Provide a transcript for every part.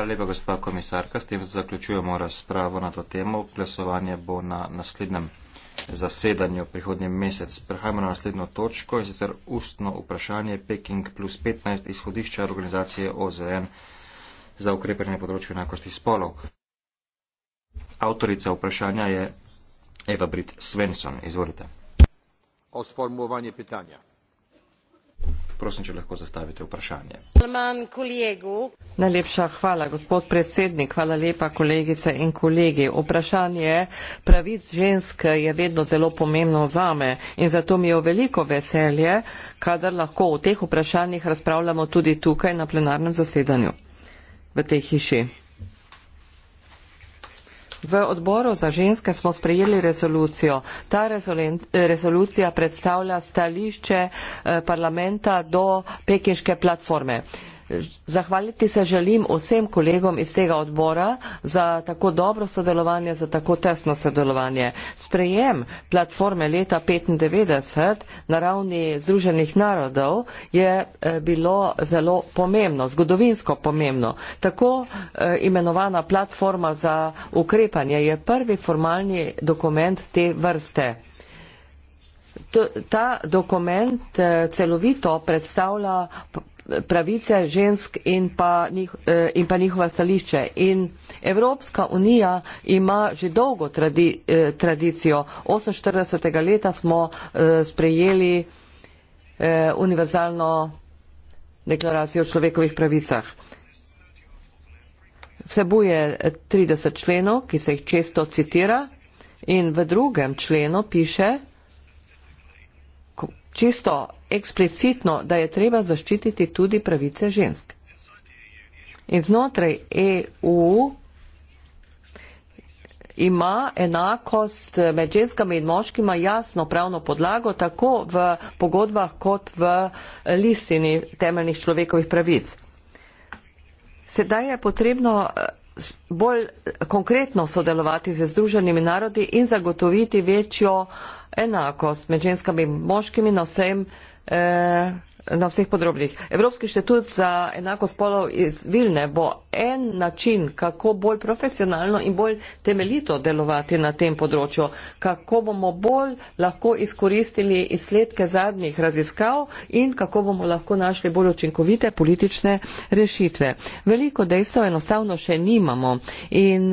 Hvala lepa, gospa komisarka. S tem zaključujemo razpravo na to temo. Glasovanje bo na naslednjem zasedanju prihodnji mesec. Prehajamo na naslednjo točko in sicer ustno vprašanje Peking plus 15 izhodišča organizacije OZN za ukrepanje področja enakosti spolov. Avtorica vprašanja je Eva Brit Svensson. Izvolite. O sformulovanje pitanja. Prosim, če lahko zastavite vprašanje. Najlepša hvala, gospod predsednik. Hvala lepa, kolegice in kolegi. Vprašanje pravic žensk je vedno zelo pomembno zame in zato mi je veliko veselje, kadar lahko o teh vprašanjih razpravljamo tudi tukaj na plenarnem zasedanju v tej hiši. V odboru za ženske smo sprejeli rezolucijo. Ta rezolucija eh, predstavlja stališče eh, parlamenta do pekinške platforme. Zahvaliti se želim vsem kolegom iz tega odbora za tako dobro sodelovanje, za tako tesno sodelovanje. Sprejem platforme leta 1995 na ravni Združenih narodov je eh, bilo zelo pomembno, zgodovinsko pomembno. Tako eh, imenovana platforma za ukrepanje je prvi formalni dokument te vrste. Ta dokument eh, celovito predstavlja pravice žensk in pa, njih, eh, in pa njihova stališče. In Evropska unija ima že dolgo tradi, eh, tradicijo. 48. leta smo eh, sprejeli univerzalno deklaracijo o človekovih pravicah. Vsebuje 30 členov, ki se jih često citira in v drugem členu piše, čisto eksplicitno, da je treba zaščititi tudi pravice žensk. In znotraj EU ima enakost med ženskami in moškima jasno pravno podlago, tako v pogodbah kot v listini temeljnih človekovih pravic. Sedaj je potrebno eh, bolj konkretno sodelovati z Združenimi narodi in zagotoviti večjo enakost med ženskami in moškimi na vsem področju Eh, na vseh področjih. Evropski inštitut za enakost spolov iz Vilne bo en način, kako bolj profesionalno in bolj temeljito delovati na tem področju, kako bomo bolj lahko izkoristili izsledke zadnjih raziskav in kako bomo lahko našli bolj učinkovite politične rešitve. Veliko dejstev enostavno še nimamo in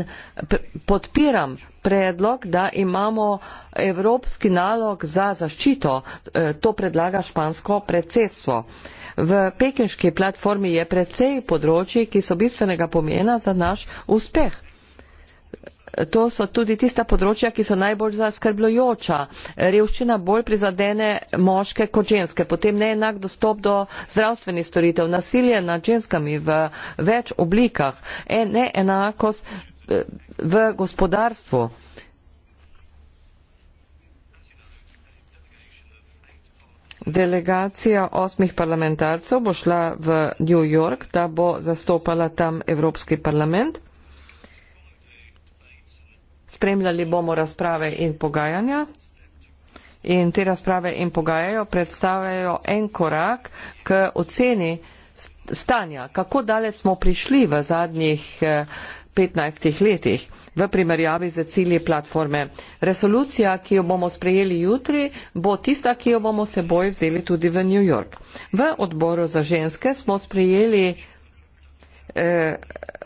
podpiram predlog, da imamo evropski nalog za zaščito. E, to predlaga špansko predsedstvo. V pekinški platformi je precej področji, ki so bistvenega pomena za naš uspeh. To so tudi tista področja, ki so najbolj zaskrbljujoča. Revščina bolj prizadene moške kot ženske. Potem neenak dostop do zdravstvenih storitev. Nasilje nad ženskami v več oblikah. E, neenakost v gospodarstvu. Delegacija osmih parlamentarcev bo šla v New York, da bo zastopala tam Evropski parlament. Spremljali bomo razprave in pogajanja. In te razprave in pogajajo predstavljajo en korak k oceni stanja, kako daleč smo prišli v zadnjih eh, 15 letih v primerjavi z cilji platforme. Resolucija, ki jo bomo sprejeli jutri, bo tista, ki jo bomo seboj vzeli tudi v New York. V odboru za ženske smo sprejeli eh,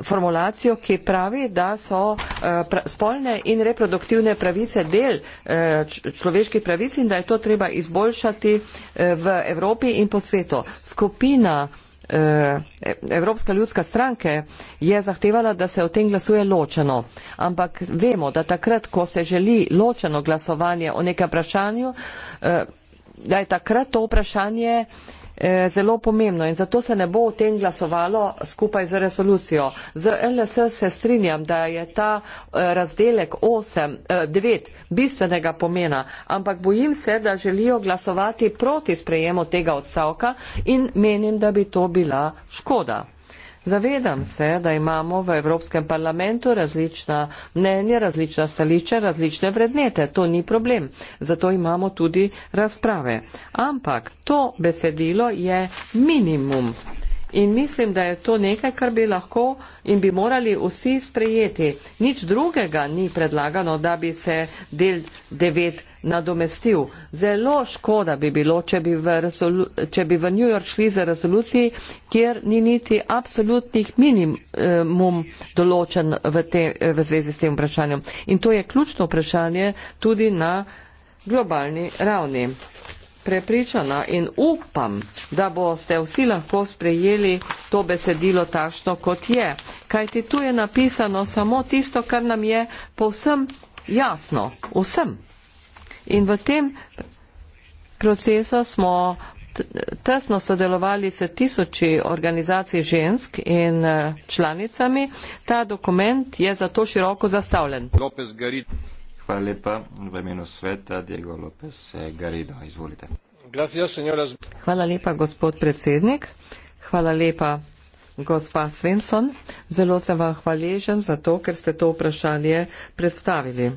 formulacijo, ki pravi, da so eh, spolne in reproduktivne pravice del eh, človeških pravic in da je to treba izboljšati eh, v Evropi in po svetu. Skupina Eh, Evropska ljudska stranke je zahtevala, da se o tem glasuje ločeno. Ampak vemo, da takrat, ko se želi ločeno glasovanje o nekem vprašanju, eh, da je takrat to vprašanje Eh, zelo pomembno in zato se ne bo o tem glasovalo skupaj z resolucijo. Z LSS se strinjam, da je ta eh, razdelek 8, 9 eh, bistvenega pomena, ampak bojim se, da želijo glasovati proti sprejemu tega odstavka in menim, da bi to bila škoda. Zavedam se, da imamo v Evropskem parlamentu različna mnenja, različna stališča, različne vrednete. To ni problem. Zato imamo tudi razprave. Ampak to besedilo je minimum. In mislim, da je to nekaj, kar bi lahko in bi morali vsi sprejeti. Nič drugega ni predlagano, da bi se del devet nadomestil. Zelo škoda bi bilo, če bi v, resolu, če bi v New York šli za rezoluciji, kjer ni niti absolutnih minimum eh, določen v, te, eh, v zvezi s tem vprašanjem. In to je ključno vprašanje tudi na globalni ravni. Prepričana in upam, da boste vsi lahko sprejeli to besedilo takšno, kot je. Kajti tu je napisano samo tisto, kar nam je povsem jasno. Vsem. In v tem procesu smo tesno sodelovali s tisoči organizacij žensk in eh, članicami. Ta dokument je zato široko zastavljen. Hvala lepa v imenu sveta Diego Lopez eh, Garido. Izvolite. Hvala lepa, gospod predsednik. Hvala lepa, gospa Svensson. Zelo sem vam hvaležen za to, ker ste to vprašanje predstavili.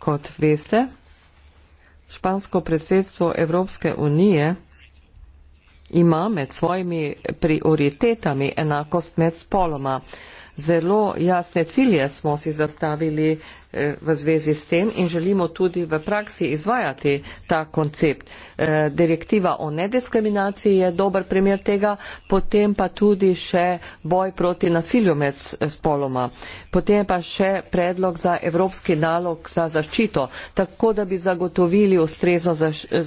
Kot veste, špansko predsedstvo Evropske unije ima med svojimi prioritetami enakost med spoloma. Zelo jasne cilje smo si zastavili Eh, v zvezi s tem in želimo tudi v praksi izvajati ta koncept. Eh, direktiva o nediskriminaciji je dober primer tega, potem pa tudi še boj proti nasilju med eh, spoloma, potem pa še predlog za evropski nalog za zaščito, tako da bi zagotovili ustrezno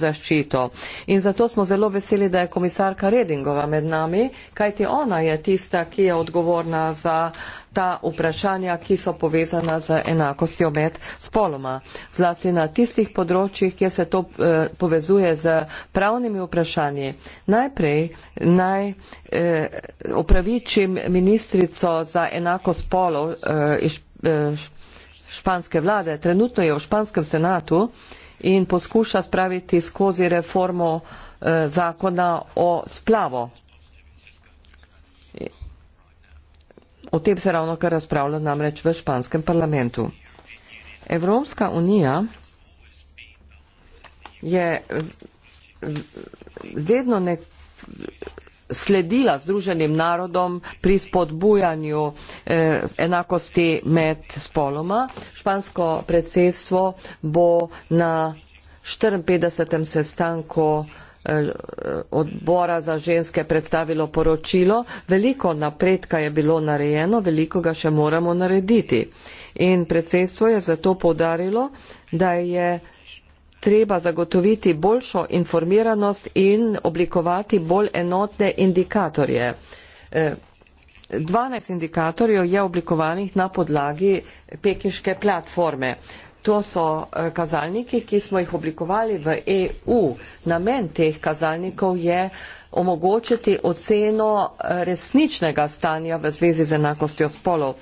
zaščito. In zato smo zelo veseli, da je komisarka Redingova med nami, kajti ona je tista, ki je odgovorna za ta vprašanja, ki so povezana z enakostjo med spoloma. Zlasti na tistih področjih, kjer se to eh, povezuje z pravnimi vprašanji. Najprej naj eh, upravičim ministrico za enakost spolov eh, iz eh, španske vlade. Trenutno je v španskem senatu in poskuša spraviti skozi reformo eh, zakona o splavo. O tem se ravno kar razpravlja namreč v španskem parlamentu. Evropska unija je vedno ne sledila združenim narodom pri spodbujanju eh, enakosti med spoloma. Špansko predsedstvo bo na 54. sestanku eh, Eh, odbora za ženske predstavilo poročilo, veliko napredka je bilo narejeno, veliko ga še moramo narediti. In predsedstvo je zato povdarilo, da je treba zagotoviti boljšo informiranost in oblikovati bolj enotne indikatorje. 12 eh, indikatorjev je oblikovanih na podlagi pekiške platforme. To so eh, kazalniki, ki smo jih oblikovali v EU. Namen teh kazalnikov je omogočiti oceno eh, resničnega stanja v zvezi z enakostjo spolov.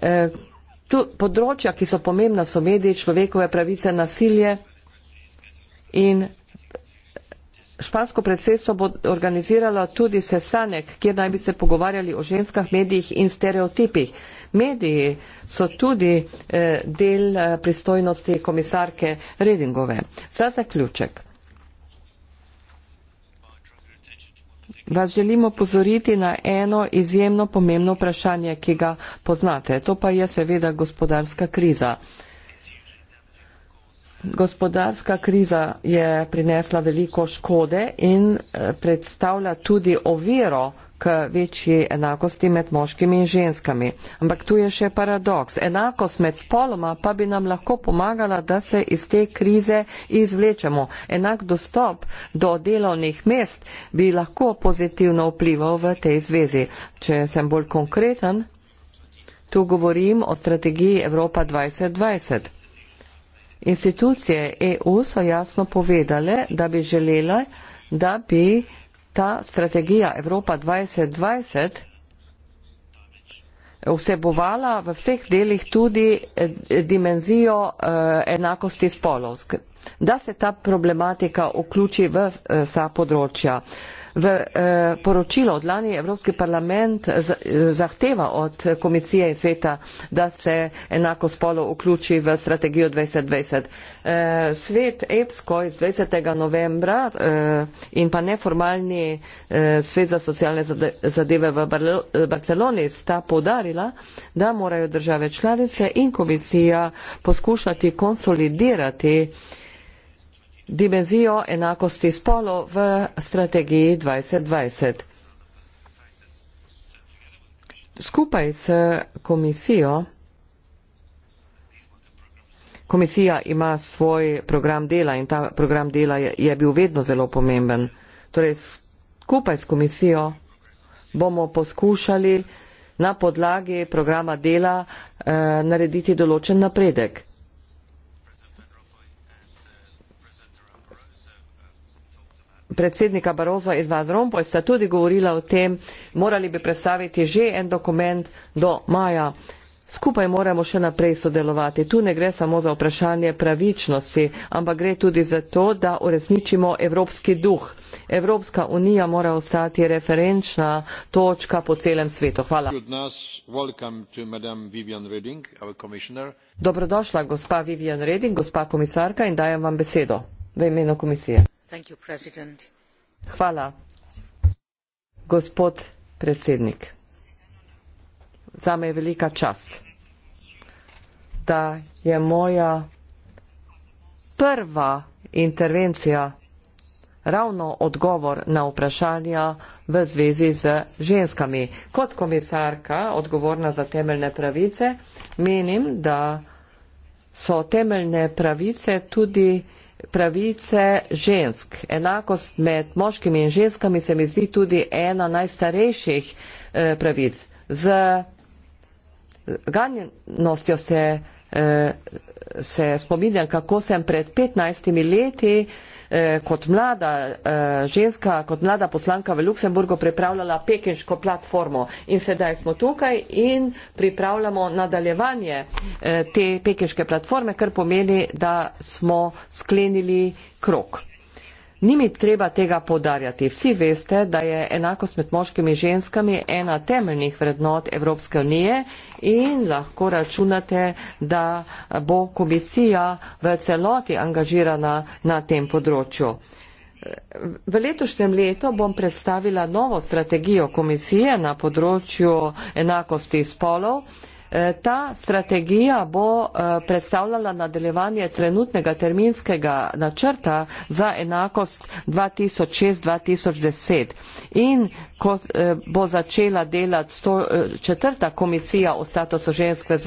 Eh, tu, področja, ki so pomembna, so mediji, človekove pravice, nasilje in špansko predsedstvo bo organiziralo tudi sestanek, kjer naj bi se pogovarjali o ženskah, medijih in stereotipih. Mediji so tudi eh, del eh, pristojnosti komisarke Redingove. Za zaključek. Vas želimo pozoriti na eno izjemno pomembno vprašanje, ki ga poznate. To pa je seveda gospodarska kriza. Gospodarska kriza je prinesla veliko škode in eh, predstavlja tudi oviro k večji enakosti med moškimi in ženskami. Ampak tu je še paradoks. Enakost med spoloma pa bi nam lahko pomagala, da se iz te krize izvlečemo. Enak dostop do delovnih mest bi lahko pozitivno vplival v tej zvezi. Če sem bolj konkreten, tu govorim o strategiji Evropa 2020. Institucije EU so jasno povedale, da bi želele, da bi ta strategija Evropa 2020 vsebovala v vseh delih tudi eh, dimenzijo eh, enakosti spolov, da se ta problematika vključi v eh, vsa področja. V eh, poročilo od lani Evropski parlament eh, zahteva od komisije in sveta, da se enako spolo vključi v strategijo 2020. Eh, svet EPSKO iz 20. novembra in pa neformalni svet za socialne zadeve v Barceloni sta podarila, da morajo države članice in komisija poskušati konsolidirati dimenzijo enakosti spolo v strategiji 2020. Skupaj s komisijo, komisija ima svoj program dela in ta program dela je, je bil vedno zelo pomemben. Torej, skupaj s komisijo bomo poskušali na podlagi programa dela eh, narediti določen napredek. predsednika Baroza in Van Rompuy sta tudi govorila o tem, morali bi predstaviti že en dokument do maja. Skupaj moramo še naprej sodelovati. Tu ne gre samo za vprašanje pravičnosti, ampak gre tudi za to, da uresničimo evropski duh. Evropska unija mora ostati referenčna točka po celem svetu. Hvala. Dobrodošla, gospa Vivian Reding, gospa komisarka, in dajem vam besedo v imenu komisije. Hvala, gospod predsednik. Zame je velika čast, da je moja prva intervencija ravno odgovor na vprašanja v zvezi z ženskami. Kot komisarka odgovorna za temeljne pravice menim, da so temeljne pravice tudi pravice žensk. Enakost med moškimi in ženskami se mi zdi tudi ena najstarejših eh, pravic. Z ganjenostjo se, eh, se spominjam, kako sem pred 15 leti eh, eh, kot mlada eh, ženska, kot mlada poslanka v Luksemburgu pripravljala pekinško platformo in sedaj smo tukaj in pripravljamo nadaljevanje eh, te pekinške platforme, kar pomeni, da smo sklenili krok. Ni mi treba tega podarjati. Vsi veste, da je enakost med moškimi in ženskami ena temeljnih vrednot Evropske unije in lahko računate, da bo komisija v celoti angažirana na tem področju. V letošnjem letu bom predstavila novo strategijo komisije na področju enakosti spolov. Eh, ta strategija bo eh, predstavljala nadaljevanje trenutnega terminskega načrta za enakost 2006-2010 in ko eh, bo začela delati 104. komisija o statusu žensk v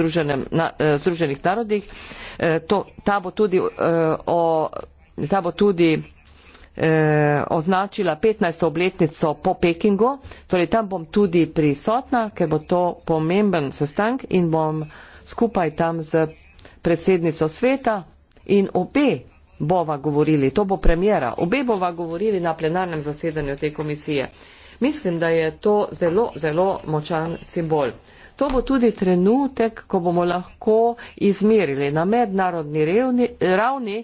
Združenih narodih, to, ta bo tudi, o, ta bo tudi eh, označila 15. obletnico po Pekingu, torej tam bom tudi prisotna, ker bo to pomemben sestank in bom skupaj tam z predsednico sveta in obe bova govorili, to bo premjera, obe bova govorili na plenarnem zasedanju te komisije. Mislim, da je to zelo, zelo močan simbol. To bo tudi trenutek, ko bomo lahko izmerili na mednarodni ravni, ravni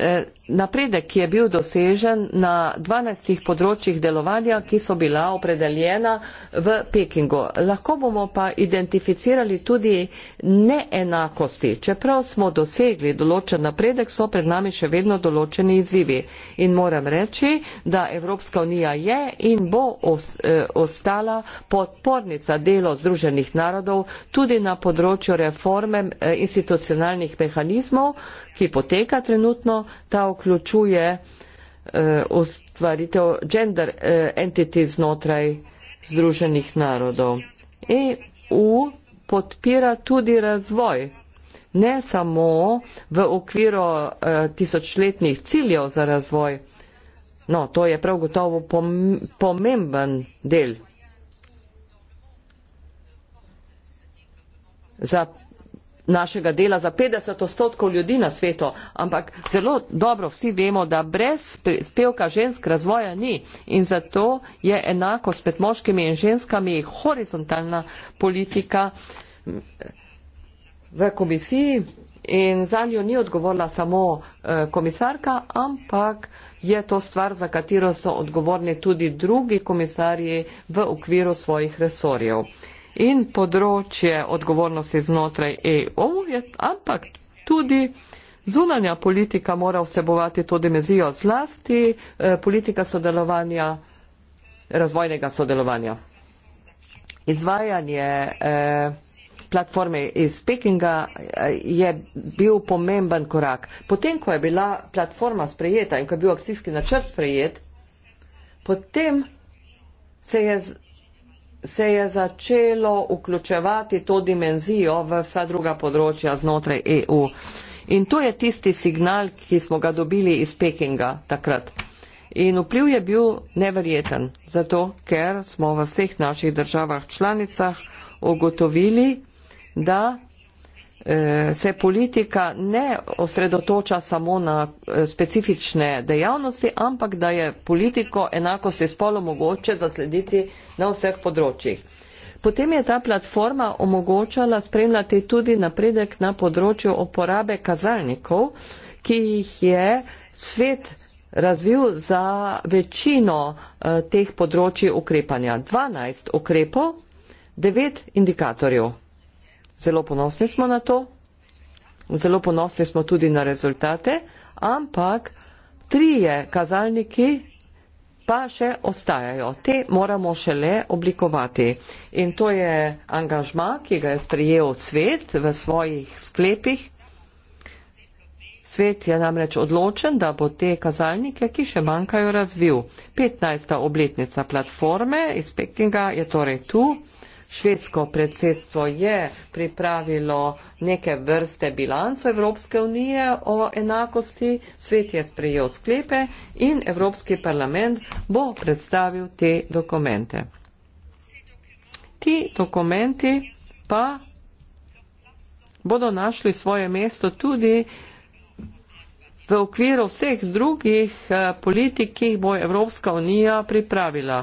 Eh, napredek, ki je bil dosežen na 12 področjih delovanja, ki so bila opredeljena v Pekingu. Lahko bomo pa identificirali tudi neenakosti. Čeprav smo dosegli določen napredek, so pred nami še vedno določeni izzivi. In moram reči, da Evropska unija je in bo os, eh, ostala podpornica delo Združenih narodov tudi na področju reforme eh, institucionalnih mehanizmov, ki poteka trenutno, ta vključuje uh, ustvaritev gender uh, eh, entity znotraj Združenih narodov. EU podpira tudi razvoj, ne samo v okviru uh, tisočletnih ciljev za razvoj. No, to je prav gotovo pomemben del. Za našega dela za 50 odstotkov ljudi na svetu, ampak zelo dobro vsi vemo, da brez pevka žensk razvoja ni in zato je enako s med moškimi in ženskami horizontalna politika v komisiji in za njo ni odgovorna samo eh, komisarka, ampak je to stvar, za katero so odgovorni tudi drugi komisarji v okviru svojih resorjev in področje odgovornosti znotraj EU, je, ampak tudi zunanja politika mora vsebovati to dimenzijo zlasti eh, politika sodelovanja, razvojnega sodelovanja. Izvajanje eh, platforme iz Pekinga eh, je bil pomemben korak. Potem, ko je bila platforma sprejeta in ko je bil akcijski načrt sprejet, potem se je se je začelo vključevati to dimenzijo v vsa druga področja znotraj EU. In to je tisti signal, ki smo ga dobili iz Pekinga takrat. In vpliv je bil neverjeten, zato ker smo v vseh naših državah članicah ugotovili, da Eh, se politika ne osredotoča samo na eh, specifične dejavnosti, ampak da je politiko enakosti spolo mogoče zaslediti na vseh področjih. Potem je ta platforma omogočala spremljati tudi napredek na področju uporabe kazalnikov, ki jih je svet razvil za večino eh, teh področji ukrepanja. 12 ukrepov, 9 indikatorjev zelo ponosni smo na to, zelo ponosni smo tudi na rezultate, ampak trije kazalniki pa še ostajajo. Te moramo šele oblikovati. In to je angažma, ki ga je sprejel svet v svojih sklepih. Svet je namreč odločen, da bo te kazalnike, ki še manjkajo, razvil. 15. obletnica platforme iz Pekinga je torej tu švedsko predsedstvo je pripravilo neke vrste bilanco Evropske unije o enakosti, svet je sprejel sklepe in Evropski parlament bo predstavil te dokumente. Ti dokumenti pa bodo našli svoje mesto tudi v okviru vseh drugih eh, politik, ki jih bo Evropska unija pripravila.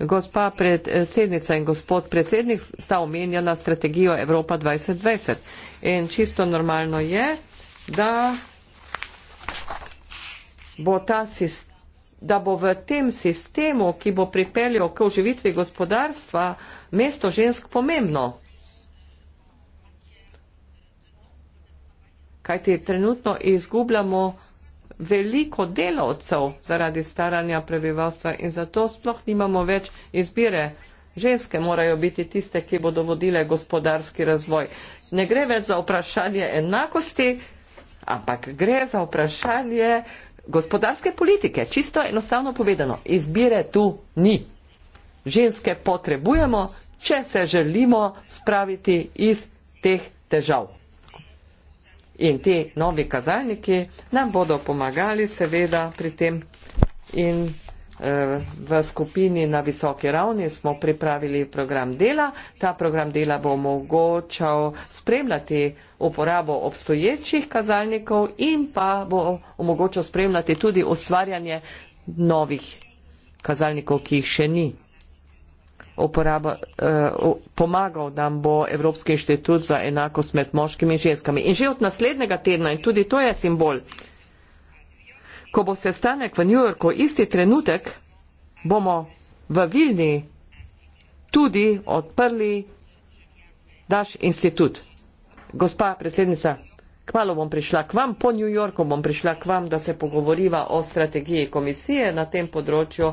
Gospa predsednica in gospod predsednik sta omenjala strategijo Evropa 2020 in čisto normalno je, da bo, da bo v tem sistemu, ki bo pripeljal k oživitvi gospodarstva, mesto žensk pomembno. Kajti trenutno izgubljamo veliko delavcev zaradi staranja prebivalstva in zato sploh nimamo več izbire. Ženske morajo biti tiste, ki bodo vodile gospodarski razvoj. Ne gre več za vprašanje enakosti, ampak gre za vprašanje gospodarske politike. Čisto enostavno povedano, izbire tu ni. Ženske potrebujemo, če se želimo spraviti iz teh težav. In ti novi kazalniki nam bodo pomagali seveda pri tem in eh, v skupini na visoki ravni smo pripravili program dela. Ta program dela bo omogočal spremljati uporabo obstoječih kazalnikov in pa bo omogočal spremljati tudi ustvarjanje novih kazalnikov, ki jih še ni uporaba, eh, pomagal nam bo Evropski inštitut za enakost med moškimi in ženskami. In že od naslednjega tedna, in tudi to je simbol, ko bo sestanek v New Yorku isti trenutek, bomo v Vilni tudi odprli naš inštitut. Gospa predsednica, kmalo bom prišla k vam, po New Yorku bom prišla k vam, da se pogovoriva o strategiji komisije na tem področju.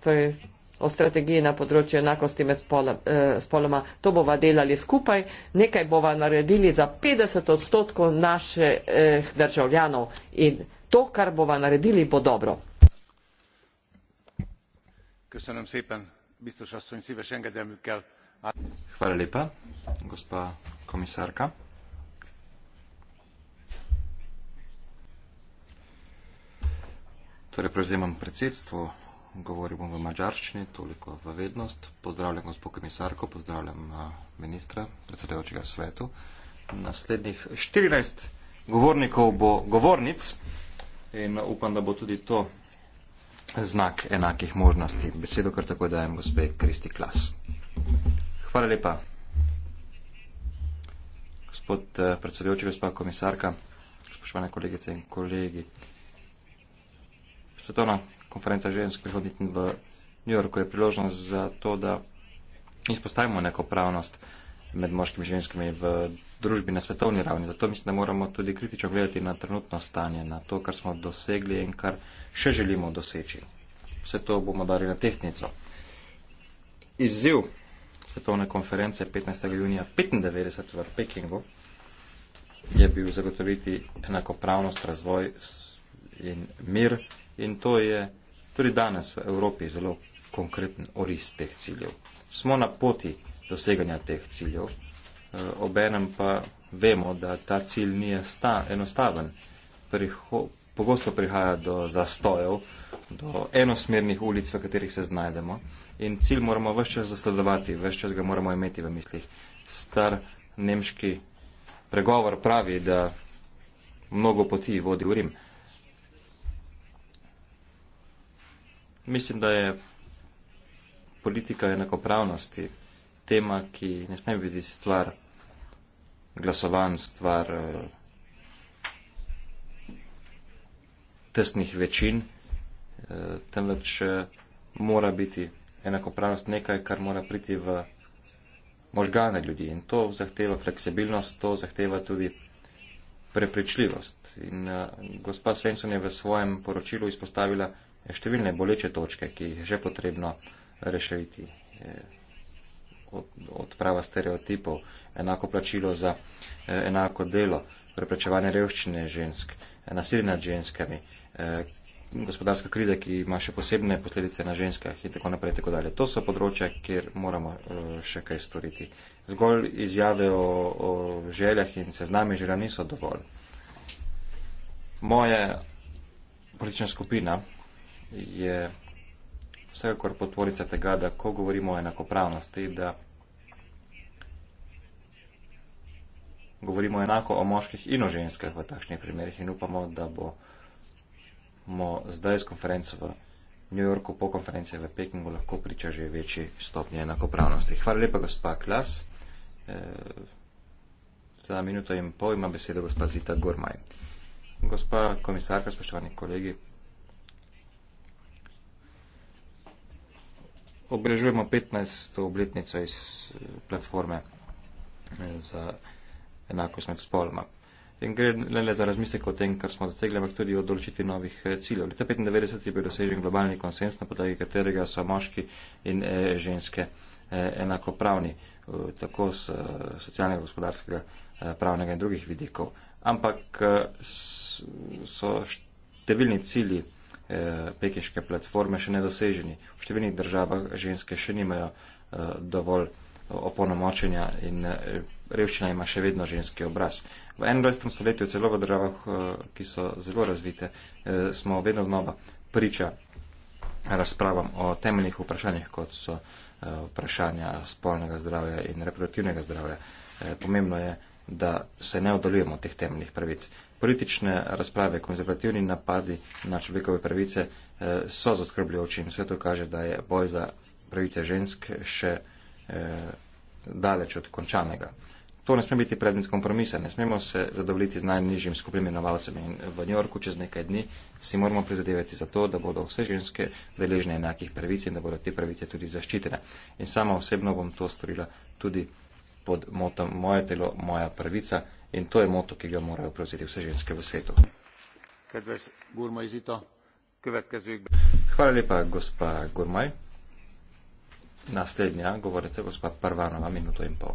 Torej, o strategiji na področju enakosti med spola, eh, spoloma. To bova delali skupaj, nekaj bova naredili za 50 odstotkov naših eh, državljanov in to, kar bova naredili, bo dobro. Hvala lepa, gospa komisarka. Torej, prevzemam predsedstvo govorimo v mačarščini, toliko v vednost. Pozdravljam gospod komisarko, pozdravljam eh, ministra, predsedujočega svetu. Naslednjih 14 govornikov bo govornic in eh, upam, da bo tudi to znak enakih možnosti. Besedo kar tako dajem gospe Kristi Klas. Hvala lepa. Gospod eh, predsedujoči, gospa komisarka, spoštovane kolegice in kolegi. Svetovna konferenca žensk prihodnji teden v New Yorku je priložnost za to, da izpostavimo neko pravnost med moškimi in ženskimi v družbi na svetovni ravni. Zato mislim, da moramo tudi kritično gledati na trenutno stanje, na to, kar smo dosegli in kar še želimo doseči. Vse to bomo dali na tehnico. Izziv svetovne konference 15. junija 1995 v Pekingu je bil zagotoviti enakopravnost, razvoj in mir. In to je Tudi danes v Evropi je zelo konkreten oris teh ciljev. Smo na poti doseganja teh ciljev, eh, obenem pa vemo, da ta cilj ni enostaven. Priho pogosto prihaja do zastojev, do enosmernih ulic, v katerih se znajdemo in cilj moramo vse čas zasledovati, vse čas ga moramo imeti v mislih. Star nemški pregovor pravi, da mnogo poti vodi v Rim. Mislim, da je politika enakopravnosti tema, ki ne smem biti stvar glasovanj, stvar eh, tesnih večin, eh, temveč eh, mora biti enakopravnost nekaj, kar mora priti v možgane ljudi in to zahteva fleksibilnost, to zahteva tudi prepričljivost. In uh, gospa Svensson je v svojem poročilu izpostavila številne boleče točke, ki jih je že potrebno reševiti. Eh, odprava stereotipov, enako plačilo za eh, enako delo, preprečevanje revščine žensk, nasilje nad ženskami, eh, gospodarska kriza, ki ima še posebne posledice na ženskah in tako naprej. Tako to so področja, kjer moramo še kaj storiti. Zgolj izjave o, o željah in seznami želja niso dovolj. Moja politična skupina, je vsekakor potvorica tega, da ko govorimo o enakopravnosti, da govorimo enako o moških in o ženskah v takšnih primerih in upamo, da bomo zdaj z konferenco v New Yorku po konferenci v Pekingu lahko priča že večji stopnje enakopravnosti. Hvala lepa, gospa Klas. Eh, za minuto in pol ima besedo gospa Zita Gormaj. Gospa komisarka, spoštovani kolegi, obeležujemo 15. obletnico iz eh, platforme eh, za enakost med spoloma. In gre ne le za razmislek o tem, kar smo dosegli, ampak tudi o določitvi novih eh, ciljev. Leta 1995 je bil dosežen globalni konsens, na podlagi katerega so moški in ženske enakopravni, tako z socialnega, gospodarskega, pravnega in drugih vidikov. Ampak so številni cilji Eh, pekiške platforme še nedoseženi. V številnih državah ženske še nimajo eh, dovolj eh, oponomočenja in revščina ima še vedno ženski obraz. V 21. stoletju, celo v državah, ki so zelo razvite, smo vedno znova priča razpravam o temeljnih vprašanjih, kot so vprašanja spolnega zdravja in reproduktivnega zdravja. Pomembno je, da se ne odolujemo teh temeljnih pravic politične razprave, konzervativni napadi na človekove pravice eh, so zaskrbljujoči in vse to kaže, da je boj za pravice žensk še eh, daleč od končanega. To ne sme biti predmet kompromisa, ne smemo se zadovoljiti z najnižjim skupnim imenovalcem in v New Yorku čez nekaj dni si moramo prizadevati za to, da bodo vse ženske deležne enakih pravic in da bodo te pravice tudi zaščitene. In sama osebno bom to storila tudi pod motom moje telo, moja pravica in to je moto ki ga morajo prevzeti vse ženske v svetu. Hvala lepa, gospa Gurmaj. Naslednja govorica je gospa Parvanova, minuto in pol.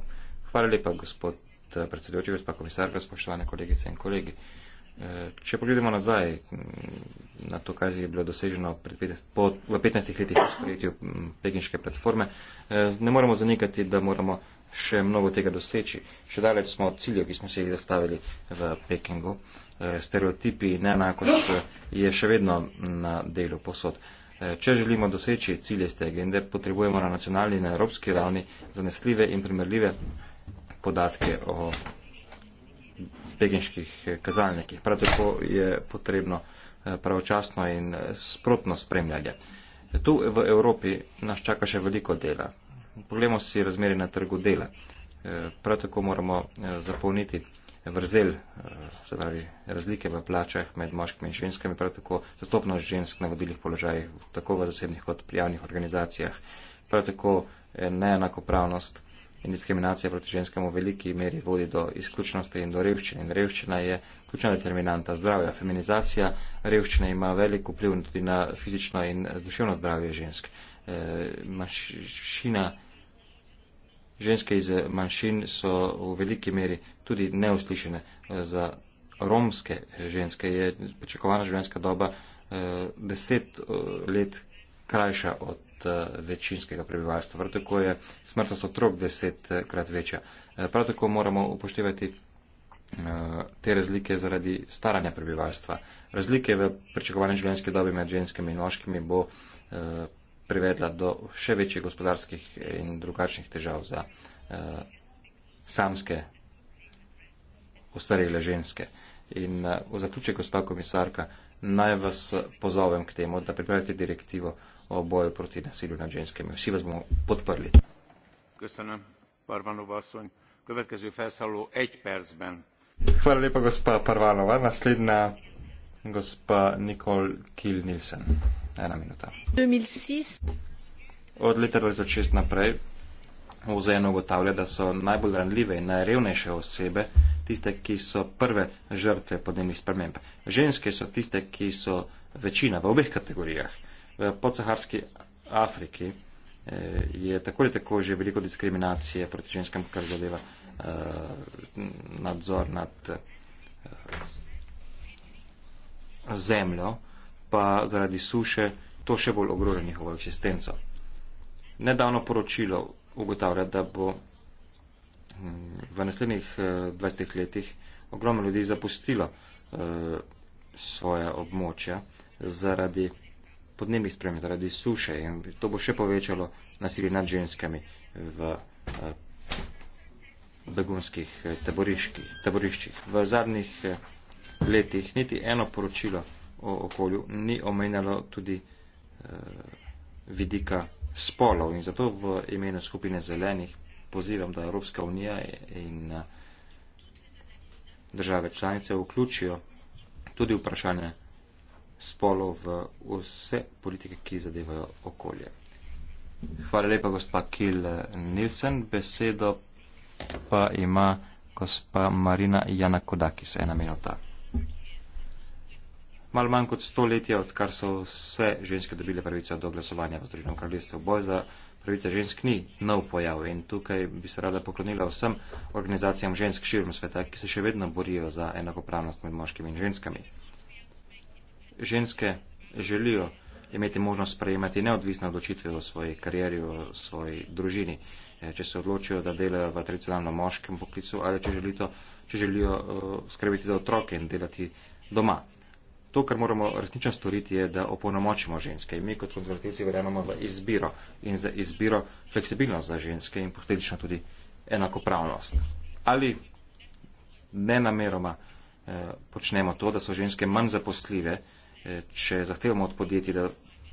Hvala lepa, gospod eh, predsedujoči, gospa komisarka, spoštovane kolegice in kolegi. Eh, če pogledamo nazaj mm, na to, kaj je bilo doseženo 15, po, v 15 letih sprejetju mm, pekinške platforme, eh, ne moremo zanikati, da moramo še mnogo tega doseči. Še daleč smo od ciljev, ki smo se jih zastavili v Pekingu. E, stereotipi in neenakost e, je še vedno na delu posod. E, če želimo doseči cilje z te agende, potrebujemo na nacionalni in evropski ravni zanesljive in primerljive podatke o pekinških kazalnikih. Prav tako je potrebno pravočasno in sprotno spremljanje. Tu v Evropi nas čaka še veliko dela. Poglejmo si razmeri na trgu dela. Eh, prav tako moramo eh, zapolniti vrzel, eh, se pravi razlike v plačah med moškimi in ženskami, prav tako zastopnost žensk na vodilnih položajih, tako v zasebnih kot pri javnih organizacijah, prav tako neenakopravnost in diskriminacija proti ženskemu v veliki meri vodi do izključnosti in do revščine. In revščina je ključna determinanta zdravja. Feminizacija revščine ima velik vpliv tudi na fizično in duševno zdravje žensk. E, mašina, ženske iz eh, manjšin so v veliki meri tudi neuslišene. Eh, za romske eh, ženske je pričakovana življenjska doba deset let krajša od večinskega prebivalstva. Prav tako je smrtnost otrok desetkrat večja. Prav tako moramo upoštevati te razlike zaradi staranja prebivalstva. Razlike v pričakovanju življenjske dobe med ženskimi in moškimi bo privedla do še večjih gospodarskih in drugačnih težav za uh, samske ostarele ženske. In uh, v zaključek, gospa komisarka, naj vas pozovem k temu, da pripravite direktivo o boju proti nasilju nad ženskami. Vsi vas bomo podprli. Hvala lepa, gospa Parvanova. Naslednja Gospa Nicole Kill-Nielsen. Ena minuta. 2006. Od leta 2006 naprej OZN ugotavlja, da so najbolj ranljive in najrevnejše osebe tiste, ki so prve žrtve podnebnih sprememb. Ženske so tiste, ki so večina v obeh kategorijah. V podsaharski Afriki eh, je tako ali tako že veliko diskriminacije proti ženskam, kar zadeva uh, nadzor nad. Uh, zemljo, pa zaradi suše to še bolj ogroža njihovo eksistenco. Nedavno poročilo ugotavlja, da bo hm, v naslednjih 20 eh, letih ogromno ljudi zapustilo eh, svoje območja zaradi podnebnih sprememb, zaradi suše in to bo še povečalo nasilje nad ženskami v eh, begunskih taboriščih. V zadnjih letih niti eno poročilo o okolju ni omenjalo tudi eh, vidika spolov. In zato v imenu skupine zelenih pozivam, da Evropska unija in eh, države članice vključijo tudi vprašanje spolov v vse politike, ki zadevajo okolje. Hvala lepa, gospa Kil eh, Nilsen. Besedo pa ima gospa Marina Jana Kodakis, ena minuta malo manj kot stoletja, odkar so vse ženske dobile pravico do glasovanja v Združenem kraljestvu. Boj za pravice žensk ni nov pojav in tukaj bi se rada poklonila vsem organizacijam žensk širom sveta, ki se še vedno borijo za enakopravnost med moškimi in ženskami. Ženske želijo imeti možnost sprejemati neodvisne odločitve o svoji karieri, o svoji družini, eh, če se odločijo, da delajo v tradicionalno moškem poklicu ali če želijo, če želijo eh, skrbiti za otroke in delati doma. To, kar moramo resnično storiti, je, da opolnomočimo ženske. Mi kot konzervativci verjamemo v izbiro in za izbiro fleksibilnost za ženske in posledično tudi enakopravnost. Ali ne nameroma eh, počnemo to, da so ženske manj zaposljive, eh, če zahtevamo od podjetij, da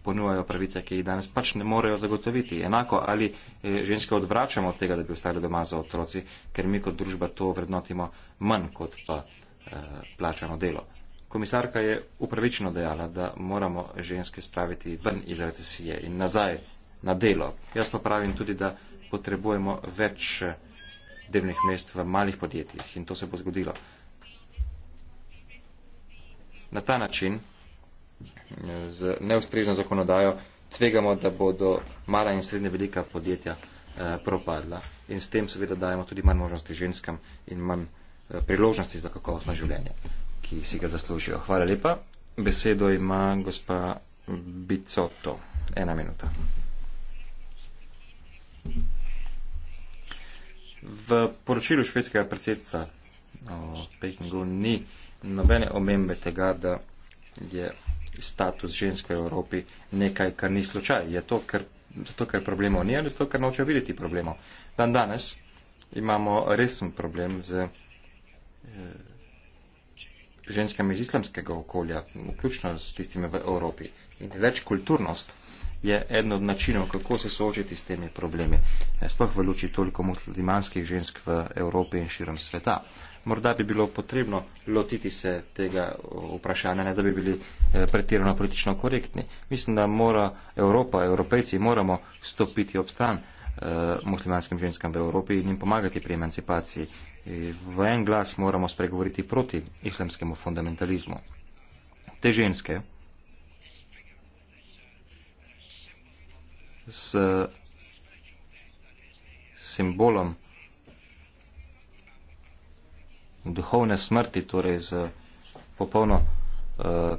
ponujajo pravice, ki jih danes pač ne morejo zagotoviti. Enako ali eh, ženske odvračamo od tega, da bi ostali doma za otroci, ker mi kot družba to vrednotimo manj kot pa eh, plačano delo. Komisarka je upravičeno dejala, da moramo ženske spraviti ven iz recesije in nazaj na delo. Jaz pa pravim tudi, da potrebujemo več eh, delovnih mest v malih podjetjih in to se bo zgodilo. Na ta način, eh, z neustrezno zakonodajo, tvegamo, da bodo mala in srednje velika podjetja eh, propadla in s tem seveda dajemo tudi manj možnosti ženskam in manj eh, priložnosti za kakovostno življenje ki si ga zaslužijo. Hvala lepa. Besedo ima gospa Bicotto. Ena minuta. V poročilu švedskega predsedstva o Pekingu ni nobene omembe tega, da je status žensk v Evropi nekaj, kar ni slučaj. Je to, ker, zato, ker problemov ni ali zato, ker noče videti problemov. Dan danes imamo resen problem z eh, ženskami iz islamskega okolja, vključno s tistimi v Evropi. In več kulturnost je eno od načinov, kako se soočiti s temi problemi. Ja, sploh v luči toliko muslimanskih žensk v Evropi in širom sveta. Morda bi bilo potrebno lotiti se tega vprašanja, ne da bi bili eh, pretirano politično korektni. Mislim, da mora Evropa, evropejci moramo stopiti ob stran eh, muslimanskim ženskam v Evropi in jim pomagati pri emancipaciji v en glas moramo spregovoriti proti islamskemu fundamentalizmu. Te ženske s simbolom duhovne smrti, torej z popolno uh,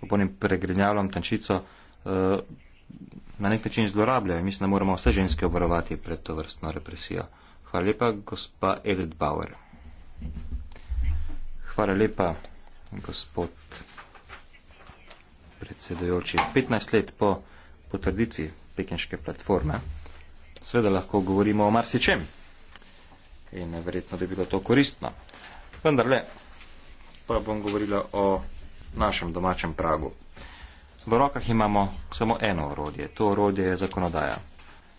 popolnim pregrinjalom tančico, uh, na nek način zlorabljajo. Mislim, da moramo vse ženske obrovati pred to vrstno represijo. Uh, Hvala lepa, gospa Edit Bauer. Hvala lepa, gospod predsedujoči. 15 let po potrditvi pekinške platforme, sveda lahko govorimo o marsičem in verjetno bi bilo to koristno. Vendar le, pa bom govorila o našem domačem pragu. V rokah imamo samo eno orodje, to orodje je zakonodaja.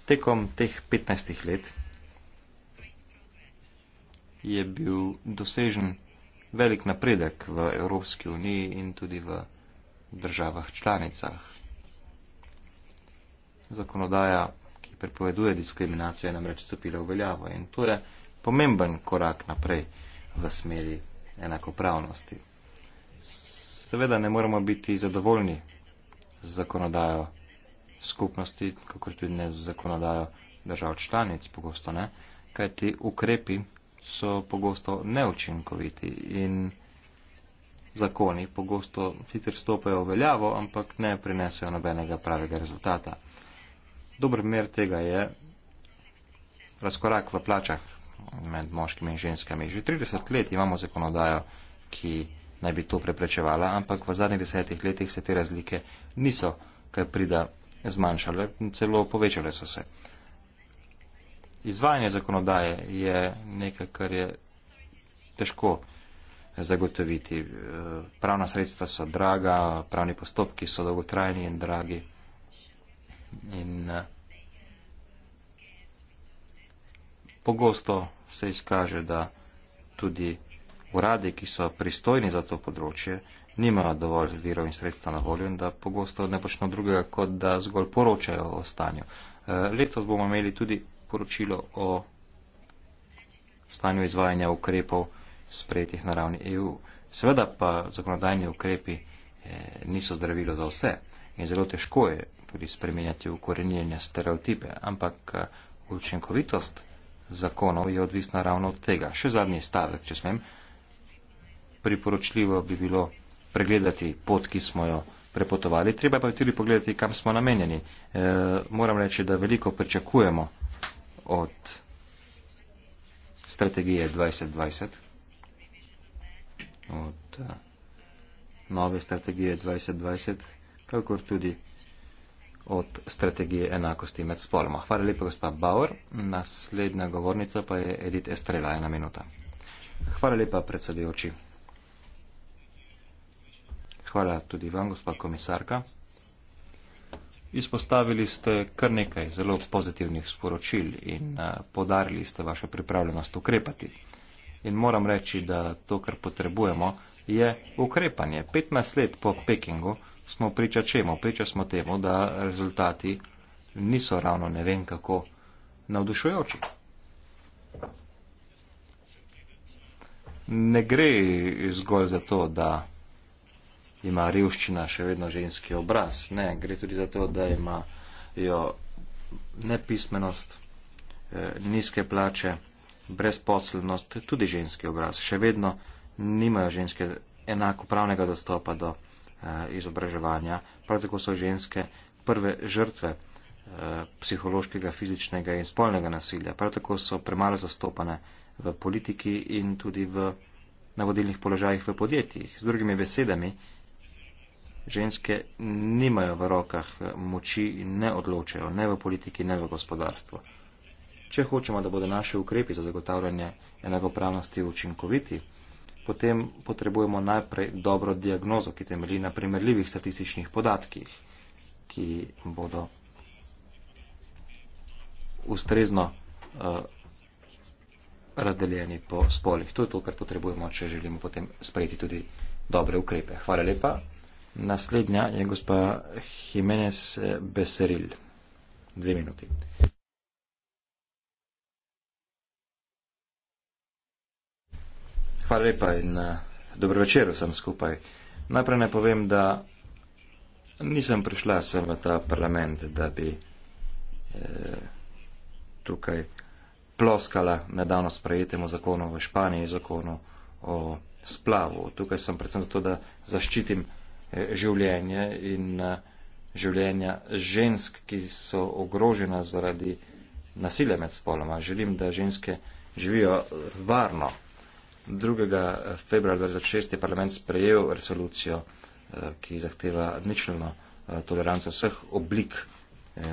Tekom teh 15 let je bil dosežen velik napredek v Evropski uniji in tudi v državah članicah. Zakonodaja, ki prepoveduje diskriminacijo, je namreč stopila v veljavo in to je pomemben korak naprej v smeri enakopravnosti. Seveda ne moramo biti zadovoljni z zakonodajo skupnosti, kako tudi ne z zakonodajo držav članic, pogosto ne, kajti ukrepi so pogosto neučinkoviti in zakoni pogosto hitro stopajo v veljavo, ampak ne prinesejo nobenega pravega rezultata. Dober mer tega je razkorak v plačah med moškimi in ženskami. Že 30 let imamo zakonodajo, ki naj bi to preprečevala, ampak v zadnjih desetih letih se te razlike niso kaj prida zmanjšale, celo povečale so se izvajanje zakonodaje je nekaj, kar je težko zagotoviti. Pravna sredstva so draga, pravni postopki so dolgotrajni in dragi. In eh, pogosto se izkaže, da tudi uradi, ki so pristojni za to področje, nimajo dovolj virov in sredstva na voljo in da pogosto ne počno drugega, kot da zgolj poročajo o stanju. Eh, letos bomo imeli tudi poročilo o stanju izvajanja ukrepov sprejetih na ravni EU. Seveda pa zakonodajni ukrepi eh, niso zdravilo za vse in zelo težko je tudi spremenjati ukoreninjenje stereotipe, ampak eh, učinkovitost zakonov je odvisna ravno od tega. Še zadnji stavek, če smem, priporočljivo bi bilo pregledati pot, ki smo jo prepotovali, treba pa tudi pogledati, kam smo namenjeni. E, moram reči, da veliko pričakujemo od strategije 2020, od e, nove strategije 2020, kakor tudi od strategije enakosti med spoloma. Hvala lepa, gospod Bauer. Naslednja govornica pa je Edith Estrela, ena minuta. Hvala lepa, predsedujoči. Hvala tudi vam, gospa komisarka. Izpostavili ste kar nekaj zelo pozitivnih sporočil in eh, podarili ste vašo pripravljenost ukrepati. In moram reči, da to, kar potrebujemo, je ukrepanje. 15 let po Pekingu smo priča čemu? Priča smo temu, da rezultati niso ravno ne vem kako navdušujoči. Ne gre zgolj za to, da ima revščina še vedno ženski obraz. Ne, gre tudi za to, da imajo nepismenost, eh, nizke plače, brezposelnost, tudi ženski obraz. Še vedno nimajo ženske enako pravnega dostopa do eh, izobraževanja. Prav tako so ženske prve žrtve eh, psihološkega, fizičnega in spolnega nasilja. Prav tako so premalo zastopane v politiki in tudi v, na vodilnih položajih v podjetjih. Z drugimi besedami, ženske nimajo v rokah moči in ne odločajo, ne v politiki, ne v gospodarstvu. Če hočemo, da bodo naše ukrepi za zagotavljanje enakopravnosti učinkoviti, potem potrebujemo najprej dobro diagnozo, ki temelji na primerljivih statističnih podatkih, ki bodo ustrezno uh, razdeljeni po spolih. To je to, kar potrebujemo, če želimo potem sprejeti tudi dobre ukrepe. Hvala lepa. Naslednja je gospa Jimenez eh, Beseril. Dve minuti. Hvala lepa in uh, eh, dobro večer vsem skupaj. Najprej ne povem, da nisem prišla sem v ta parlament, da bi eh, tukaj ploskala nedavno sprejetemu zakonu v Španiji, zakonu o splavu. Tukaj sem predvsem zato, da zaščitim življenje in eh, življenja žensk, ki so ogrožena zaradi nasilja med spoloma. Želim, da ženske živijo varno. 2. februar 2006 je parlament sprejel resolucijo, eh, ki zahteva ničelno eh, toleranco vseh oblik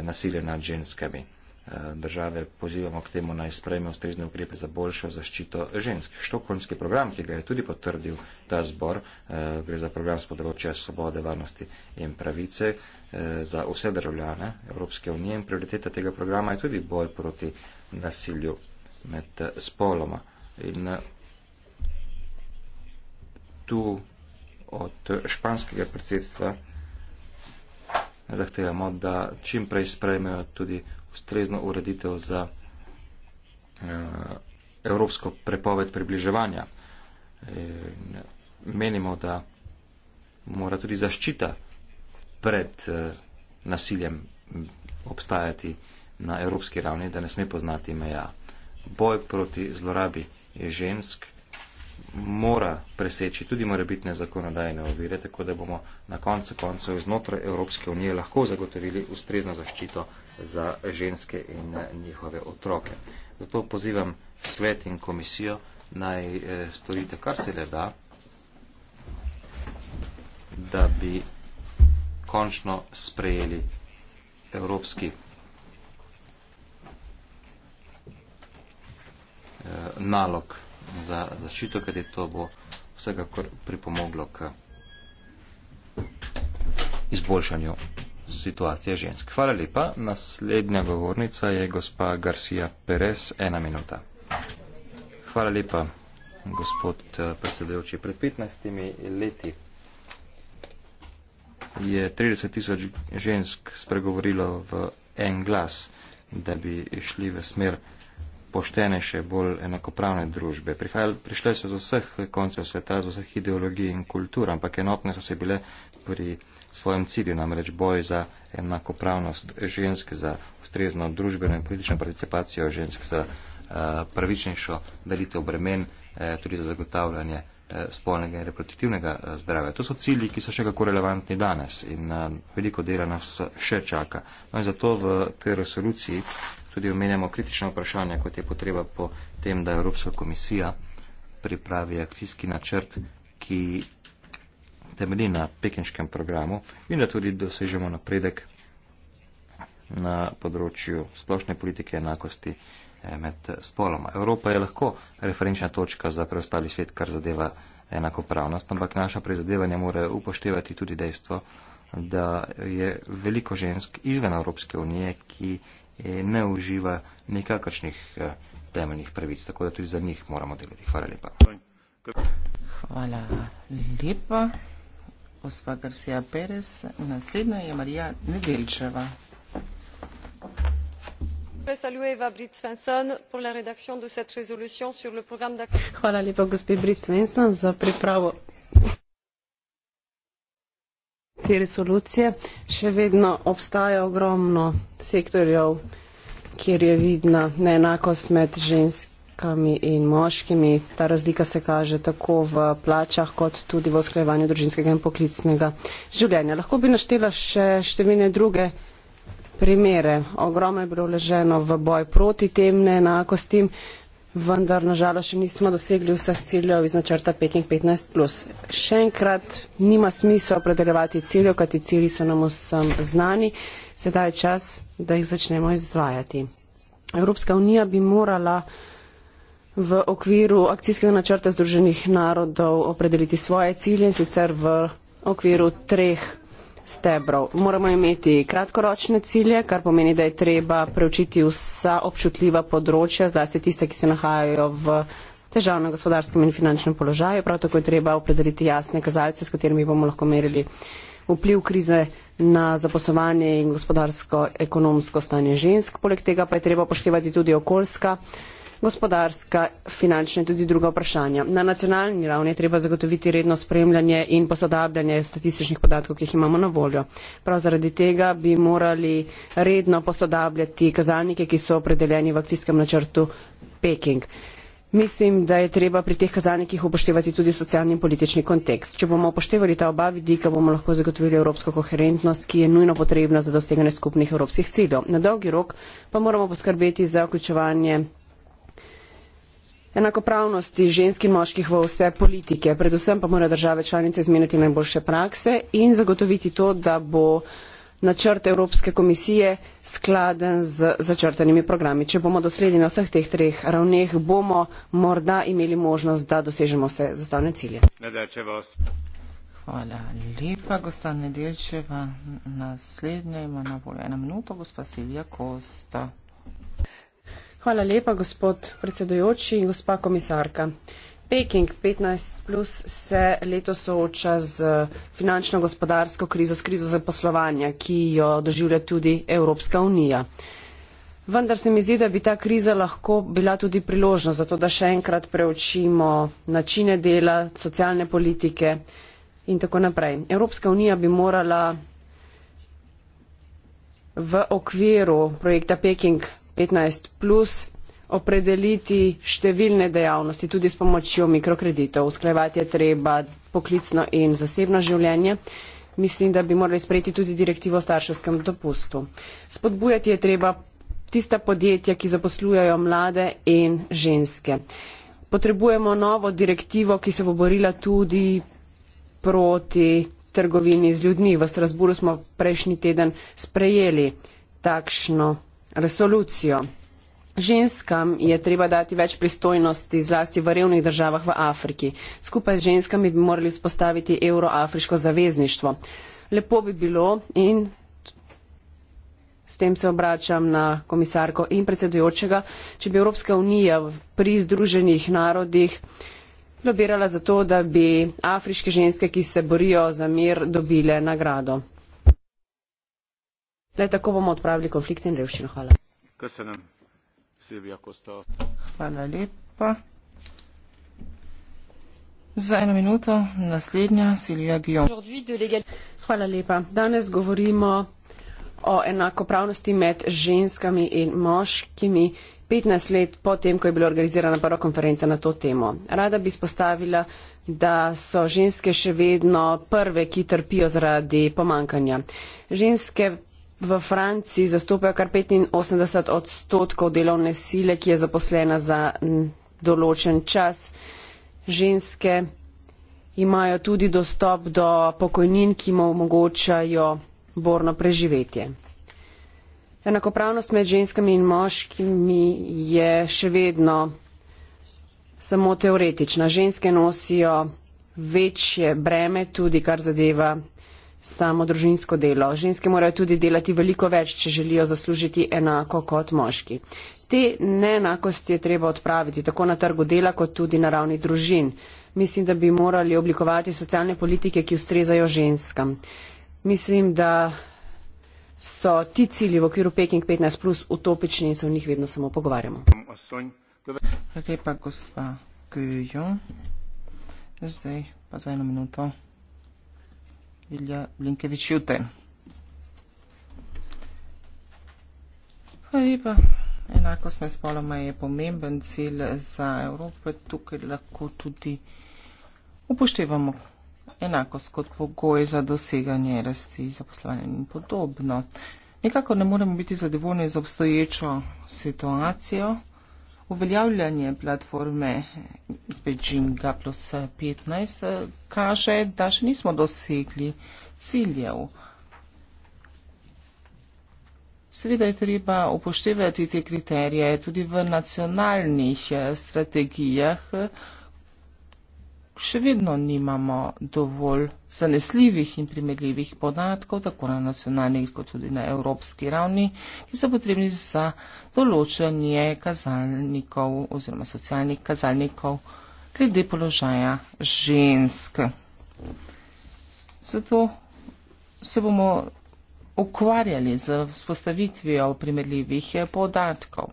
nasilja nad ženskami. Eh, države pozivamo k temu naj sprejme ustrezne ukrepe za boljšo zaščito žensk. Štokholmski program, ki ga je tudi potrdil ta zbor, eh, gre za program s področja svobode, varnosti in pravice eh, za vse državljane Evropske unije in prioriteta tega programa je tudi boj proti nasilju med spoloma. In tu od španskega predsedstva zahtevamo, da čim prej sprejmejo tudi ustrezno ureditev za eh, evropsko prepoved približevanja. Menimo, da mora tudi zaščita pred eh, nasiljem obstajati na evropski ravni, da ne sme poznati meja. Boj proti zlorabi žensk mora preseči tudi morebitne zakonodajne ovire, tako da bomo na koncu koncev znotraj Evropske unije lahko zagotovili ustrezno zaščito za ženske in eh, njihove otroke. Zato pozivam svet in komisijo naj eh, storite kar se le da, da bi končno sprejeli evropski eh, nalog za zaščito, kajti to bo vsega kar pripomoglo k izboljšanju situacije žensk. Hvala lepa. Naslednja govornica je gospa Garcia Perez, ena minuta. Hvala lepa, gospod eh, predsedujoči. Pred 15 leti je 30 tisoč žensk spregovorilo v en glas, da bi šli v smer poštenejše, bolj enakopravne družbe. Prišle so z vseh koncev sveta, z vseh ideologij in kultur, ampak enotne so se bile pri svojem cilju, namreč boj za enakopravnost žensk, za ustrezno družbeno in politično participacijo žensk, za uh, pravičnejšo delitev bremen. Eh, tudi za zagotavljanje eh, spolnega in reproduktivnega eh, zdravja. To so cilji, ki so še kako relevantni danes in veliko dela nas še čaka. No in zato v tej resoluciji tudi omenjamo kritična vprašanja, kot je potreba po tem, da Evropska komisija pripravi akcijski načrt, ki temelji na pekinškem programu in da tudi dosežemo napredek na področju splošne politike enakosti med spoloma. Evropa je lahko referenčna točka za preostali svet, kar zadeva enakopravnost, ampak naša prizadevanja mora upoštevati tudi dejstvo, da je veliko žensk izven Evropske unije, ki ne uživa nekakršnih eh, temeljnih pravic, tako da tudi za njih moramo delati. Hvala lepa. Hvala lepa. Gospa Garcia Perez, naslednja je Marija Nedelčeva voudrais saluer eva britt svensson pour la rédaction de cette résolution sur le programme d'actions. in moškimi. Ta razlika se kaže tako v plačah, kot tudi v usklajevanju družinskega in poklicnega življenja. Lahko bi naštela še številne druge primere. Ogromno je bilo leženo v boj proti tem neenakostim, vendar nažalost še nismo dosegli vseh ciljev iz načrta 15.15. Še enkrat, nima smisla opredeljevati ciljev, kajti cilji so nam vsem znani, sedaj je čas, da jih začnemo izvajati. Evropska unija bi morala v okviru akcijskega načrta Združenih narodov opredeliti svoje cilje, sicer v okviru treh stebrov. Moramo imeti kratkoročne cilje, kar pomeni, da je treba preučiti vsa občutljiva področja, zdaj se tiste, ki se nahajajo v težavnem gospodarskem in finančnem položaju. Prav tako je treba opredeliti jasne kazalce, s katerimi bomo lahko merili vpliv krize na zaposlovanje in gospodarsko-ekonomsko stanje žensk. Poleg tega pa je treba poštevati tudi okoljska gospodarska, finančna in tudi druga vprašanja. Na nacionalni ravni je treba zagotoviti redno spremljanje in posodabljanje statističnih podatkov, ki jih imamo na voljo. Prav zaradi tega bi morali redno posodabljati kazalnike, ki so opredeljeni v akcijskem načrtu Peking. Mislim, da je treba pri teh kazalnikih upoštevati tudi socialni in politični kontekst. Če bomo upoštevali ta oba vidika, bomo lahko zagotovili evropsko koherentnost, ki je nujno potrebna za doseganje skupnih evropskih ciljev. Na dolgi rok pa moramo poskrbeti za vključevanje enakopravnosti ženskih in moških v vse politike. Predvsem pa morajo države članice izmeniti najboljše prakse in zagotoviti to, da bo načrt Evropske komisije skladen z začrtanimi programi. Če bomo dosledni na vseh teh treh ravneh, bomo morda imeli možnost, da dosežemo vse zastavne cilje. Hvala lepa, gospa Nedelčeva. Naslednja ima na voljo eno minuto, gospa Silvija Kosta. Hvala lepa, gospod predsedujoči in gospa komisarka. Peking 15 plus se letos sooča z finančno gospodarsko krizo, s krizo zaposlovanja, ki jo doživlja tudi Evropska unija. Vendar se mi zdi, da bi ta kriza lahko bila tudi priložnost za to, da še enkrat preučimo načine dela, socialne politike in tako naprej. Evropska unija bi morala v okviru projekta Peking petnajst plus opredeliti številne dejavnosti tudi s pomočjo mikrokreditov usklajevati je treba poklicno in zasebno življenje mislim da bi morali sprejeti tudi direktivo o starševskem dopustu spodbujati je treba tista podjetja ki zaposlujejo mlade in ženske potrebujemo novo direktivo ki se bo borila tudi proti trgovini z ljudmi v strasburu smo prejšnji teden sprejeli takšno resolucijo. Ženskam je treba dati več pristojnosti zlasti v revnih državah v Afriki. Skupaj z ženskami bi morali vzpostaviti euroafriško zavezništvo. Lepo bi bilo in s tem se obračam na komisarko in predsedujočega, če bi Evropska unija pri združenih narodih lobirala za to, da bi afriške ženske, ki se borijo za mir, dobile nagrado le tako bomo odpravili konflikt in revščino. Hvala. Hvala lepa. Za eno minuto naslednja Silvija Gion. Hvala lepa. Danes govorimo o enakopravnosti med ženskami in moškimi 15 let potem, ko je bila organizirana prva konferenca na to temo. Rada bi spostavila, da so ženske še vedno prve, ki trpijo zaradi pomankanja. Ženske V Franciji zastopajo kar 85 odstotkov delovne sile, ki je zaposlena za določen čas. Ženske imajo tudi dostop do pokojnin, ki mu omogočajo borno preživetje. Enakopravnost med ženskami in moškimi je še vedno samo teoretična. Ženske nosijo večje breme, tudi kar zadeva samo družinsko delo. Ženske morajo tudi delati veliko več, če želijo zaslužiti enako kot moški. Te neenakosti je treba odpraviti tako na trgu dela kot tudi na ravni družin. Mislim, da bi morali oblikovati socialne politike, ki ustrezajo ženskam. Mislim, da so ti cilji v okviru Peking 15 plus utopični in se o njih vedno samo pogovarjamo. Lepa, gospa Gujo. Zdaj pa za eno minuto. Ilija Blinkevičiute. Hvala lepa. Enakost med spoloma je pomemben cilj za Evropo. Tukaj lahko tudi upoštevamo enakost kot pogoj za doseganje rasti zaposlovanja in podobno. Nekako ne moremo biti zadovoljni z obstoječo situacijo uveljavljanje platforme z Beijinga plus 15 eh, kaže, da še nismo dosegli ciljev. Seveda je treba upoštevati te kriterije tudi v nacionalnih eh, strategijah, še vedno nimamo dovolj zanesljivih in primerljivih podatkov, tako na nacionalni kot tudi na evropski ravni, ki so potrebni za določanje kazalnikov oziroma socialnih kazalnikov glede položaja žensk. Zato se bomo ukvarjali z vzpostavitvijo primerljivih podatkov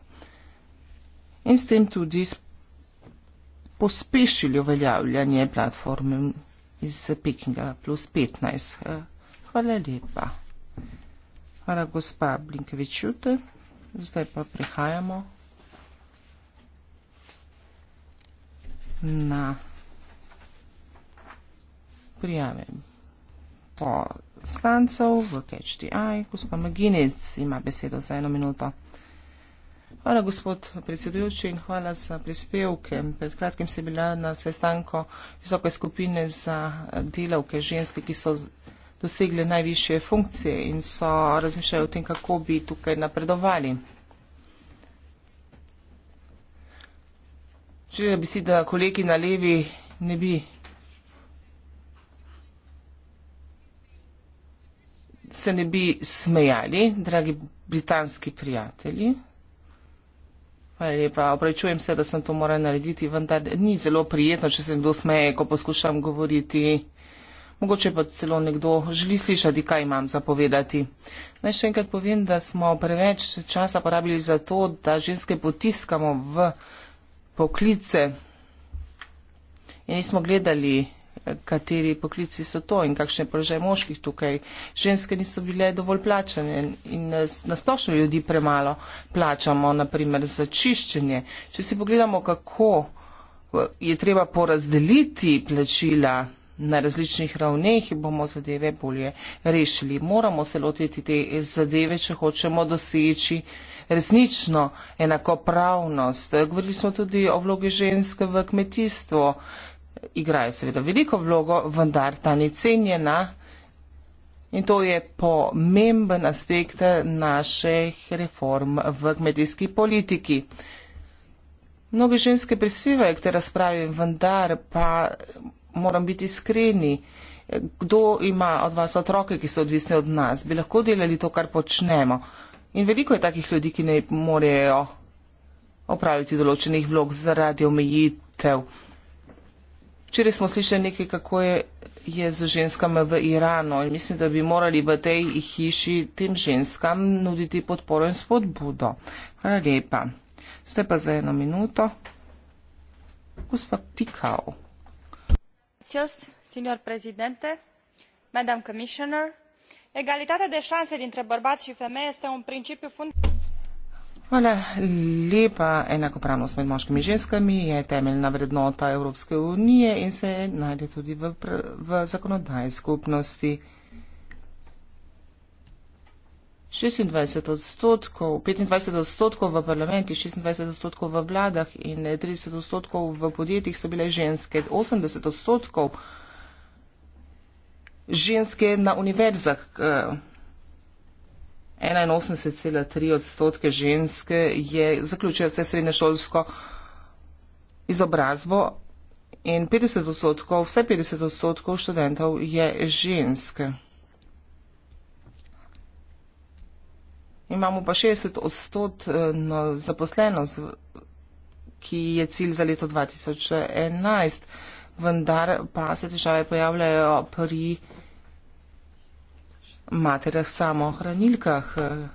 in s tem tudi s pospešili uveljavljanje platforme iz Pekinga plus 15. Hvala lepa. Hvala gospa Blinkevičute. Zdaj pa prihajamo na prijave poslancev v Catch the Eye. Gospa Maginec ima besedo za eno minuto. Hvala, gospod predsedujoči, in hvala za prispevke. Pred kratkim sem bila na sestanku visoke skupine za delavke ženske, ki so dosegle najviše funkcije in so razmišljali o tem, kako bi tukaj napredovali. Želela bi si, da kolegi na levi ne bi se ne bi smejali, dragi britanski prijatelji. Hvala lepa. Opravičujem se, da sem to morala narediti, vendar ni zelo prijetno, če se kdo smeje, ko poskušam govoriti. Mogoče pa celo nekdo želi slišati, kaj imam zapovedati. Naj še enkrat povem, da smo preveč časa porabili za to, da ženske potiskamo v poklice. In nismo gledali kateri poklici so to in kakšen je položaj moških tukaj. Ženske niso bile dovolj plačane in eh, nasplošno ljudi premalo plačamo, naprimer za čiščenje. Če si pogledamo, kako eh, je treba porazdeliti plačila na različnih ravneh, bomo zadeve bolje rešili. Moramo se lotiti te zadeve, če hočemo doseči resnično enakopravnost. Govorili smo tudi o vlogi ženske v kmetijstvu igrajo seveda veliko vlogo, vendar ta ni cenjena in to je pomemben aspekt naših reform v kmetijski politiki. Mnogi ženske prispevajo k tej razpravi, vendar pa moram biti iskreni, kdo ima od vas otroke, ki so odvisni od nas, bi lahko delali to, kar počnemo. In veliko je takih ljudi, ki ne morejo opraviti določenih vlog zaradi omejitev. Včeraj smo slišali nekaj, kako je, je z ženskama v Iranu in mislim, da bi morali v tej hiši tem ženskam nuditi podporo in spodbudo. Hvala lepa. Ste pa za eno minuto. Gospa Tikal. Gracias, signor presidente, madam commissioner. Egalitate de šanse dintre bărbați și femei este un principiu fundamental. Hvala lepa. Enakopravnost med moškimi in ženskami je temeljna vrednota Evropske unije in se najde tudi v, v zakonodaji skupnosti. 26 odstotkov, 25 odstotkov v parlamenti, 26 odstotkov v vladah in 30 odstotkov v podjetjih so bile ženske, 80 odstotkov ženske na univerzah. Eh, 81,3 odstotke ženske je zaključila vse srednješolsko izobrazbo in 50 odstotkov, vse 50 odstotkov študentov je ženske. Imamo pa 60 odstotno zaposlenost, ki je cilj za leto 2011, vendar pa se težave pojavljajo pri vsega materah samohranilkah, eh,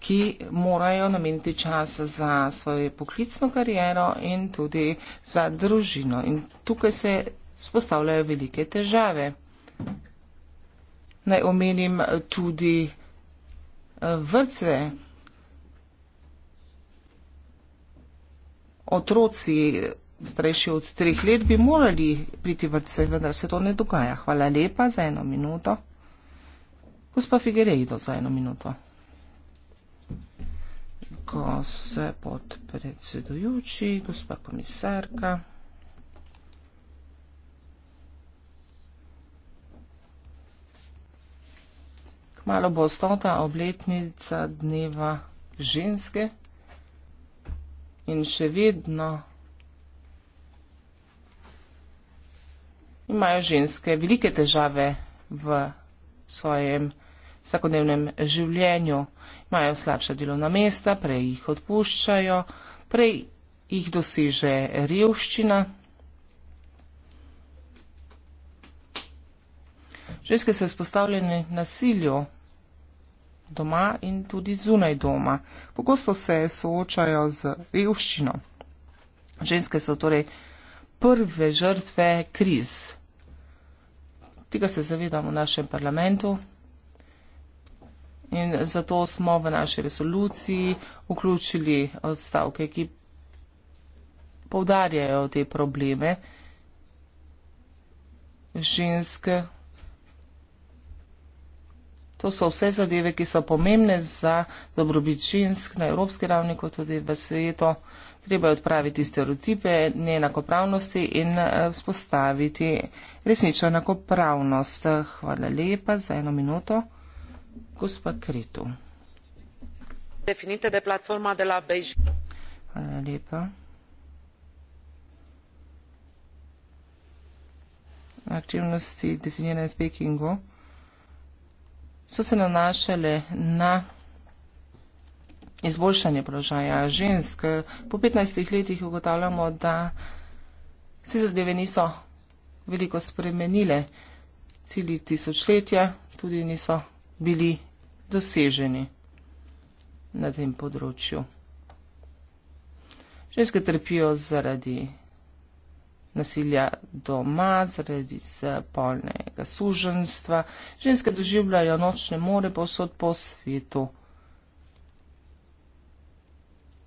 ki morajo nameniti čas za svojo poklicno kariero in tudi za družino. In tukaj se spostavljajo velike težave. Naj omenim tudi eh, vrtce. Otroci starejši od treh let bi morali priti vrtce, vendar se to ne dogaja. Hvala lepa za eno minuto. Gospa Figerejdo za eno minuto. Ko se pod predsedujoči, gospa komisarka. Kmalo bo stota obletnica dneva ženske in še vedno imajo ženske velike težave v svojem življenju vsakodnevnem življenju. Imajo slabša delovna mesta, prej jih odpuščajo, prej jih doseže revščina. Ženske so izpostavljene nasilju doma in tudi zunaj doma. Pogosto se soočajo z revščino. Ženske so torej prve žrtve kriz. Tega se zavedamo v našem parlamentu. In zato smo v naši resoluciji vključili odstavke, ki povdarjajo te probleme ženske. To so vse zadeve, ki so pomembne za dobrobit žensk na evropski ravni, kot tudi v svetu. Treba je odpraviti stereotipe neenakopravnosti in eh, vzpostaviti resnično enakopravnost. Hvala lepa za eno minuto definite de platforma de la beijing aktivnosti definirane v Pekingu so se nanašale na izboljšanje položaja žensk. Po 15 letih ugotavljamo, da se zadeve niso veliko spremenile cilji tisočletja, tudi niso bili doseženi na tem področju. Ženske trpijo zaradi nasilja doma, zaradi spolnega suženstva. Ženske doživljajo nočne more povsod po svetu.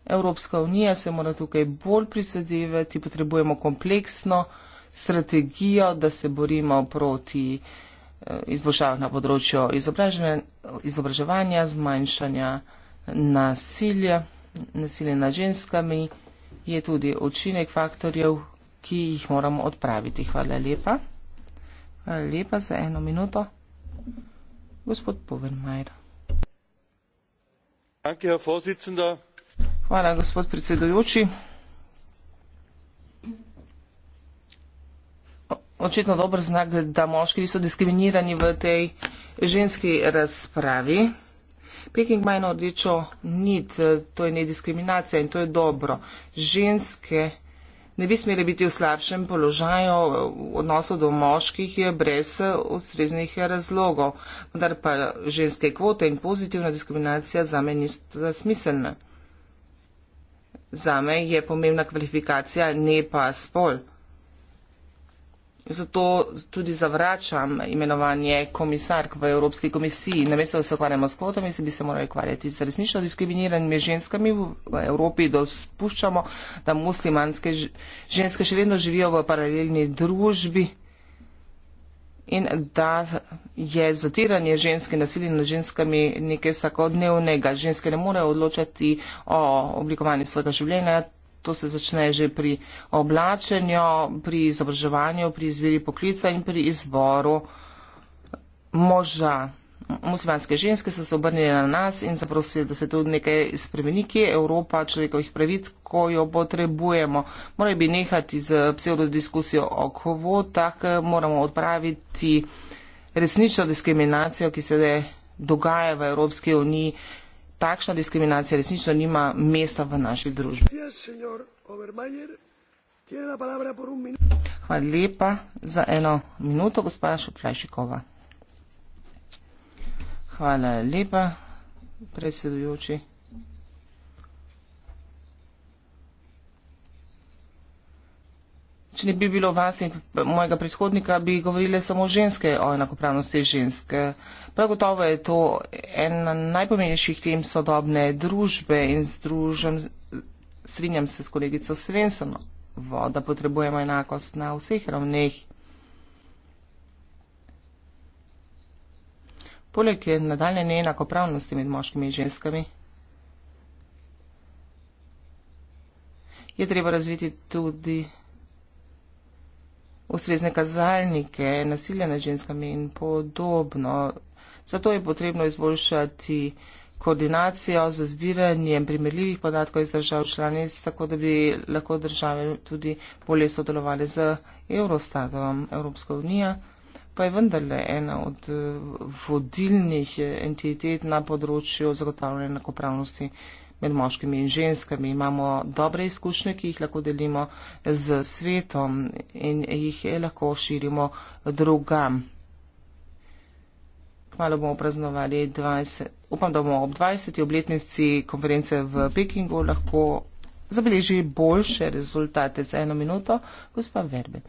Evropska unija se mora tukaj bolj prizadevati, potrebujemo kompleksno strategijo, da se borimo proti uh, Eh, izboljšav na področju izobraževanja, zmanjšanja nasilja, nasilja nad ženskami, je tudi učinek faktorjev, ki jih moramo odpraviti. Hvala lepa. Hvala lepa za eno minuto. Gospod Povenmajer. Hvala, gospod predsedujoči. očitno dober znak, da moški niso diskriminirani v tej ženski razpravi. Peking ima eno rdečo nit, to je nediskriminacija in to je dobro. Ženske ne bi smeli biti v slabšem položaju v odnosu do moških brez ustreznih razlogov, vendar pa ženske kvote in pozitivna diskriminacija za me nista smiselna. Za me je pomembna kvalifikacija, ne pa spol zato tudi zavračam imenovanje komisark v Evropski komisiji. Namesto, da se ukvarjamo s kvotami, se bi se morali ukvarjati z resnično diskriminiranimi ženskami v Evropi, da spuščamo, da muslimanske ženske še vedno živijo v paralelni družbi in da je zatiranje ženske nasilje nad ženskami nekaj vsakodnevnega. Ženske ne morejo odločati o oblikovanju svojega življenja, to se začne že pri oblačenju, pri izobraževanju, pri izbiri poklica in pri izboru moža. Muslimanske ženske so se obrnile na nas in zaprosili, da se tudi nekaj spremeni, ki je Evropa človekovih pravic, ko jo potrebujemo. Morali bi nehati z pseudodiskusijo o kvotah, moramo odpraviti resnično diskriminacijo, ki se dogaja v Evropski uniji takšna diskriminacija resnično nima mesta v naši družbi. Hvala lepa za eno minuto, gospa Šuplajšikova. Hvala lepa, predsedujoči. Če ne bi bilo vas in mojega predhodnika, bi govorile samo ženske o enakopravnosti žensk. Prav gotovo je to ena najpomembnejših tem sodobne družbe in združem, strinjam se s kolegico Svensonovo, da potrebujemo enakost na vseh ravneh. Poleg je nadaljne neenakopravnosti med moškimi in ženskami. Je treba razviti tudi ustrezne kazalnike nasilja nad ženskami in podobno. Zato je potrebno izboljšati koordinacijo z zbiranjem primerljivih podatkov iz držav članic, tako da bi lahko države tudi bolje sodelovali z Eurostatom. Evropska unija pa je vendarle ena od eh, vodilnih entitet na področju zagotavljanja enakopravnosti med moškimi in ženskami. Imamo dobre izkušnje, ki jih lahko delimo z svetom in jih lahko širimo drugam. Kmalo bomo praznovali 20, upam, da bomo ob 20. obletnici konference v Pekingu lahko zabeleži boljše rezultate za eno minuto. Gospa Verbe.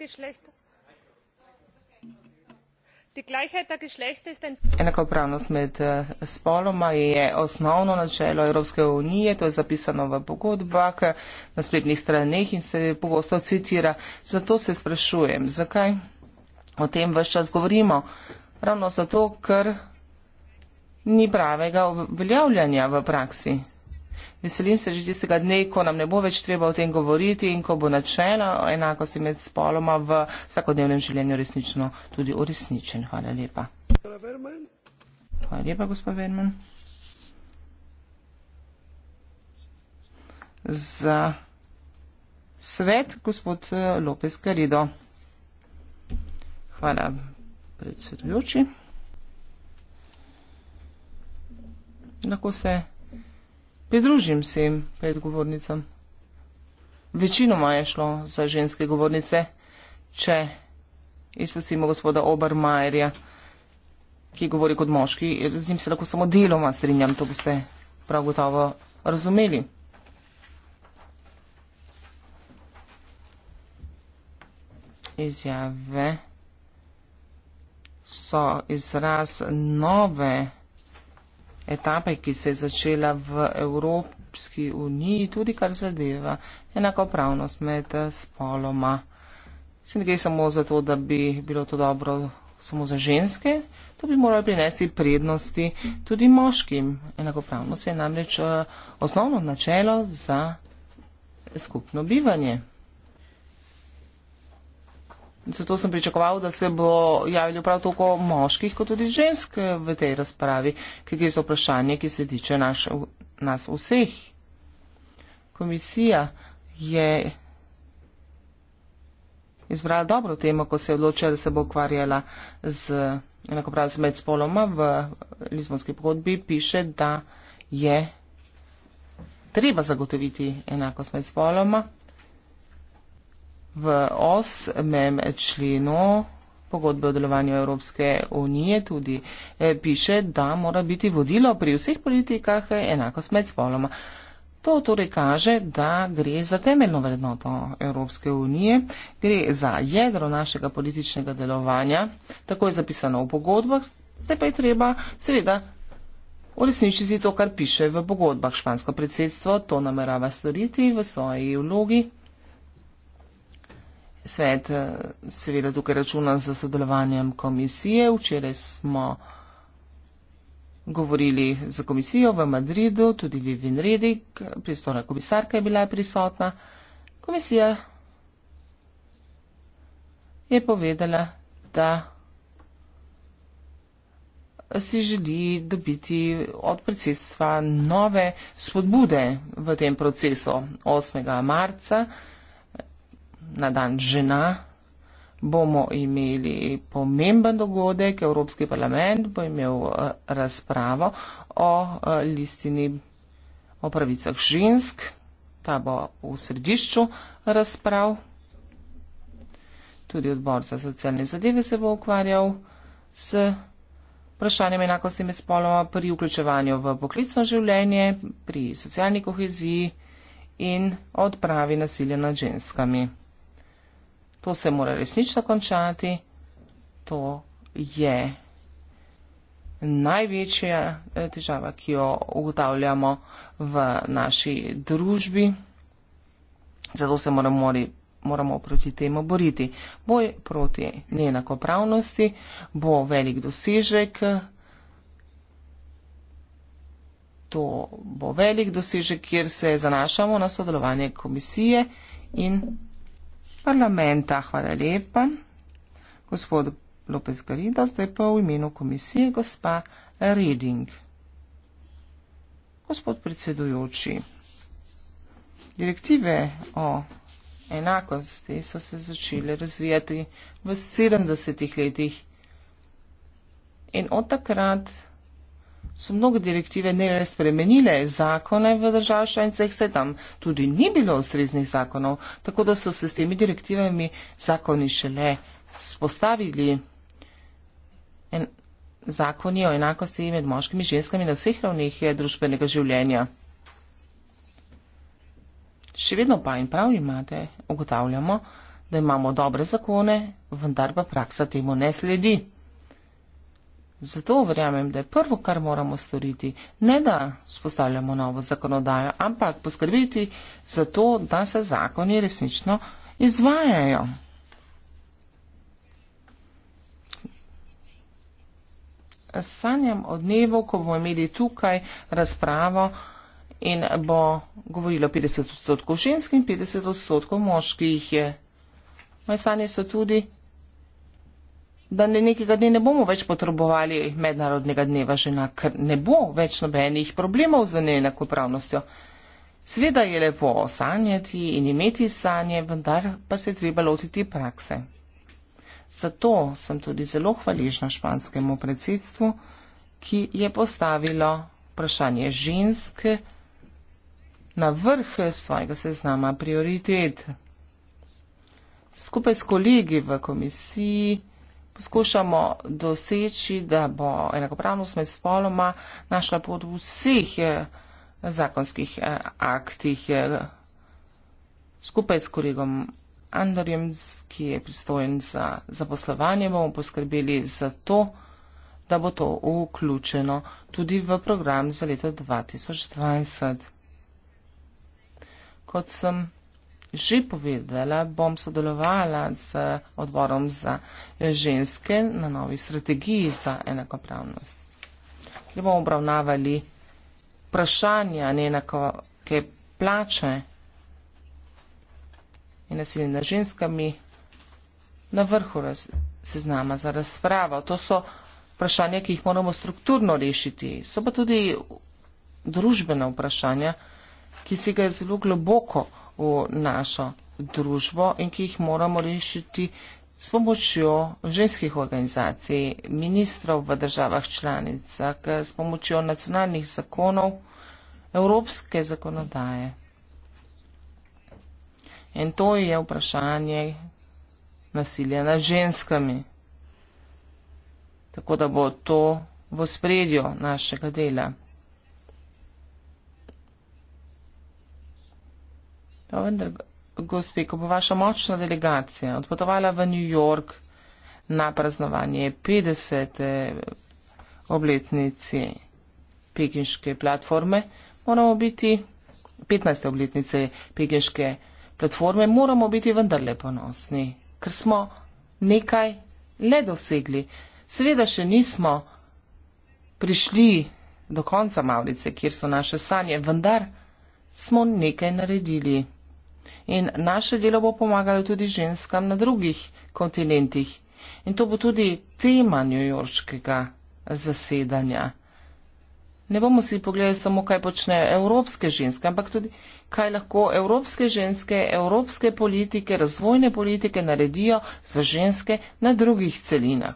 Geschlechter. Enakopravnost med eh, spoloma je osnovno načelo Evropske unije, to je zapisano v pogodbah, eh, na spletnih straneh in se pogosto citira. Zato se sprašujem, zakaj o tem vse čas govorimo. Ravno zato, ker ni pravega uveljavljanja v praksi. Veselim se že tistega dne, ko nam ne bo več treba o tem govoriti in ko bo načelo enakosti med spoloma v vsakodnevnem življenju resnično tudi uresničen. Hvala lepa. Hvala lepa, gospod Verman. Za svet, gospod eh, Lopez Garido. Hvala, predsedujoči. Lahko se. Pridružim se jim pred govornicam. Večinoma je šlo za ženske govornice, če izpustimo gospoda Obermajerja, ki govori kot moški. Z njim se lahko samo deloma strinjam, to boste prav gotovo razumeli. Izjave so izraz nove etape, ki se je začela v Evropski uniji, tudi kar zadeva enakopravnost med eh, spoloma. Se ne gre samo za to, da bi bilo to dobro samo za ženske, to bi moralo prinesti prednosti tudi moškim. Enakopravnost je namreč eh, osnovno načelo za skupno bivanje zato sem pričakoval, da se bo javilo prav toliko moških kot tudi žensk v tej razpravi, ker gre za vprašanje, ki se tiče naš, nas vseh. Komisija je izbrala dobro temo, ko se je odločila, da se bo ukvarjala z enakopravnost med spoloma. V Lizbonski pogodbi piše, da je treba zagotoviti enakost med spoloma v osmem členu pogodbe o delovanju Evropske unije tudi eh, piše, da mora biti vodilo pri vseh politikah enakost med spoloma. To torej kaže, da gre za temeljno vrednoto Evropske unije, gre za jedro našega političnega delovanja, tako je zapisano v pogodbah, zdaj pa je treba seveda uresničiti to, kar piše v pogodbah. Špansko predsedstvo to namerava storiti v svoji vlogi Svet eh, seveda tukaj računa za sodelovanjem komisije. Včeraj smo govorili za komisijo v Madridu, tudi Vivin Redik, pristojna komisarka je bila prisotna. Komisija je povedala, da si želi dobiti od predsedstva nove spodbude v tem procesu 8. marca na dan žena bomo imeli pomemben dogodek. Evropski parlament bo imel eh, razpravo o eh, listini o pravicah žensk. Ta bo v središču razprav. Tudi odbor za socialne zadeve se bo ukvarjal s vprašanjem enakosti med spoloma pri vključevanju v poklicno življenje, pri socialni koheziji in odpravi nasilja nad ženskami. To se mora resnično končati. To je največja eh, težava, ki jo ugotavljamo v naši družbi. Zato se moramo, moramo proti temu boriti. Boj proti neenakopravnosti bo velik dosežek. To bo velik dosežek, kjer se zanašamo na sodelovanje komisije in parlamenta. Hvala lepa. Gospod Lopez Garido, zdaj pa v imenu komisije gospa Reding. Gospod predsedujoči, direktive o enakosti so se začele razvijati v 70-ih letih in od takrat so mnogo direktive ne le spremenile zakone v držav šencah, se tam tudi ni bilo ustreznih zakonov, tako da so se s temi direktivami zakoni šele spostavili. En zakon je o enakosti med moškimi in ženskami na vseh ravnih družbenega življenja. Še vedno pa in prav imate, ugotavljamo, da imamo dobre zakone, vendar pa praksa temu ne sledi. Zato verjamem, da je prvo, kar moramo storiti, ne da spostavljamo novo zakonodajo, ampak poskrbeti za to, da se zakoni resnično izvajajo. Sanjam o dnevu, ko bomo imeli tukaj razpravo in bo govorilo 50 odstotkov ženskih in 50 odstotkov moških. Moje sanje so tudi da ne nekega dne ne bomo več potrebovali mednarodnega dneva žena, ker ne bo več nobenih problemov z neenakopravnostjo. Sveda je lepo sanjati in imeti sanje, vendar pa se je treba lotiti prakse. Zato sem tudi zelo hvaležna španskemu predsedstvu, ki je postavilo vprašanje žensk na vrh svojega seznama prioritet. Skupaj s kolegi v komisiji poskušamo doseči, da bo enakopravnost med spoloma našla pot v vseh eh, zakonskih eh, aktih. Eh, skupaj s kolegom Andorjem, ki je pristojen za zaposlovanje, bomo poskrbeli za to, da bo to vključeno tudi v program za leto 2020. Kot sem že povedala, bom sodelovala z odborom za ženske na novi strategiji za enakopravnost. Kjer bomo obravnavali vprašanja neenakove plače in nasilje nad ženskami na vrhu seznama za razpravo. To so vprašanja, ki jih moramo strukturno rešiti. So pa tudi družbena vprašanja, ki se ga zelo globoko v našo družbo in ki jih moramo rešiti s pomočjo ženskih organizacij, ministrov v državah članicah, s pomočjo nacionalnih zakonov, evropske zakonodaje. In to je vprašanje nasilja nad ženskami. Tako da bo to v spredju našega dela. Pa vendar, gospe, ko bo vaša močna delegacija odpotovala v New York na praznovanje 50. obletnice pekinške platforme, moramo biti 15. obletnice pekinške platforme, moramo biti vendarle ponosni, ker smo nekaj le dosegli. Seveda še nismo prišli do konca Mavlice, kjer so naše sanje, vendar smo nekaj naredili in naše delo bo pomagalo tudi ženskam na drugih kontinentih. In to bo tudi tema njujorškega zasedanja. Ne bomo si pogledali samo, kaj počnejo evropske ženske, ampak tudi, kaj lahko evropske ženske, evropske politike, razvojne politike naredijo za ženske na drugih celinah.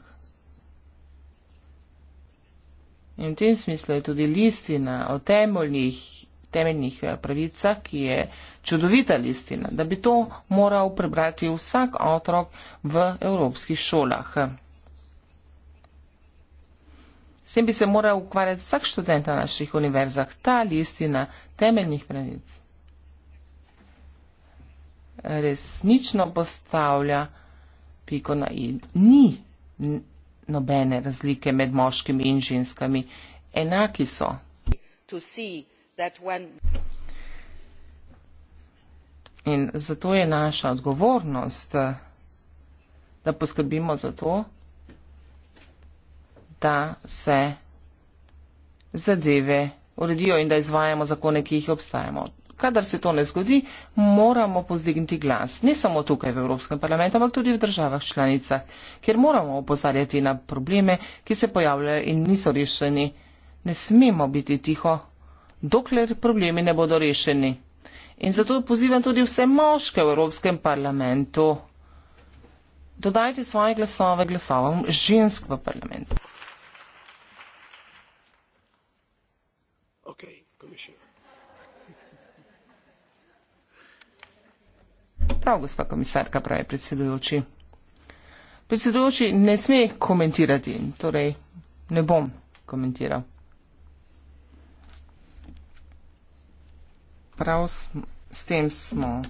In v tem smislu je tudi listina o temeljih temeljnih eh, pravicah, ki je čudovita listina, da bi to moral prebrati vsak otrok v evropskih šolah. S tem bi se moral ukvarjati vsak študent na naših univerzah, ta listina temeljnih pravic. Resnično postavlja piko na i. Ni nobene razlike med moškimi in ženskami. Enaki so. To see In zato je naša odgovornost, da poskrbimo za to, da se zadeve uredijo in da izvajamo zakone, ki jih obstajamo. Kadar se to ne zgodi, moramo pozdigniti glas, ne samo tukaj v Evropskem parlamentu, ampak tudi v državah članicah, kjer moramo opozarjati na probleme, ki se pojavljajo in niso rešeni. Ne smemo biti tiho dokler problemi ne bodo rešeni. In zato pozivam tudi vse moške v Evropskem parlamentu, dodajte svoje glasove glasovom žensk v parlamentu. Okay. Prav, gospa komisarka, pravi predsedujoči. Predsedujoči ne sme komentirati, torej ne bom komentiral. prav s tem smo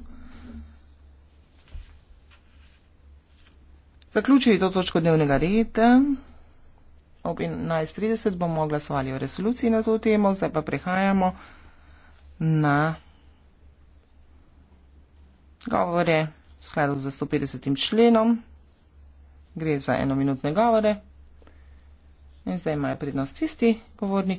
zaključili to točko dnevnega reda. Ob 11.30 bomo glasovali o resoluciji na to temo, zdaj pa prehajamo na govore v skladu z 150. členom. Gre za enominutne govore. In zdaj imajo prednost tisti govornik,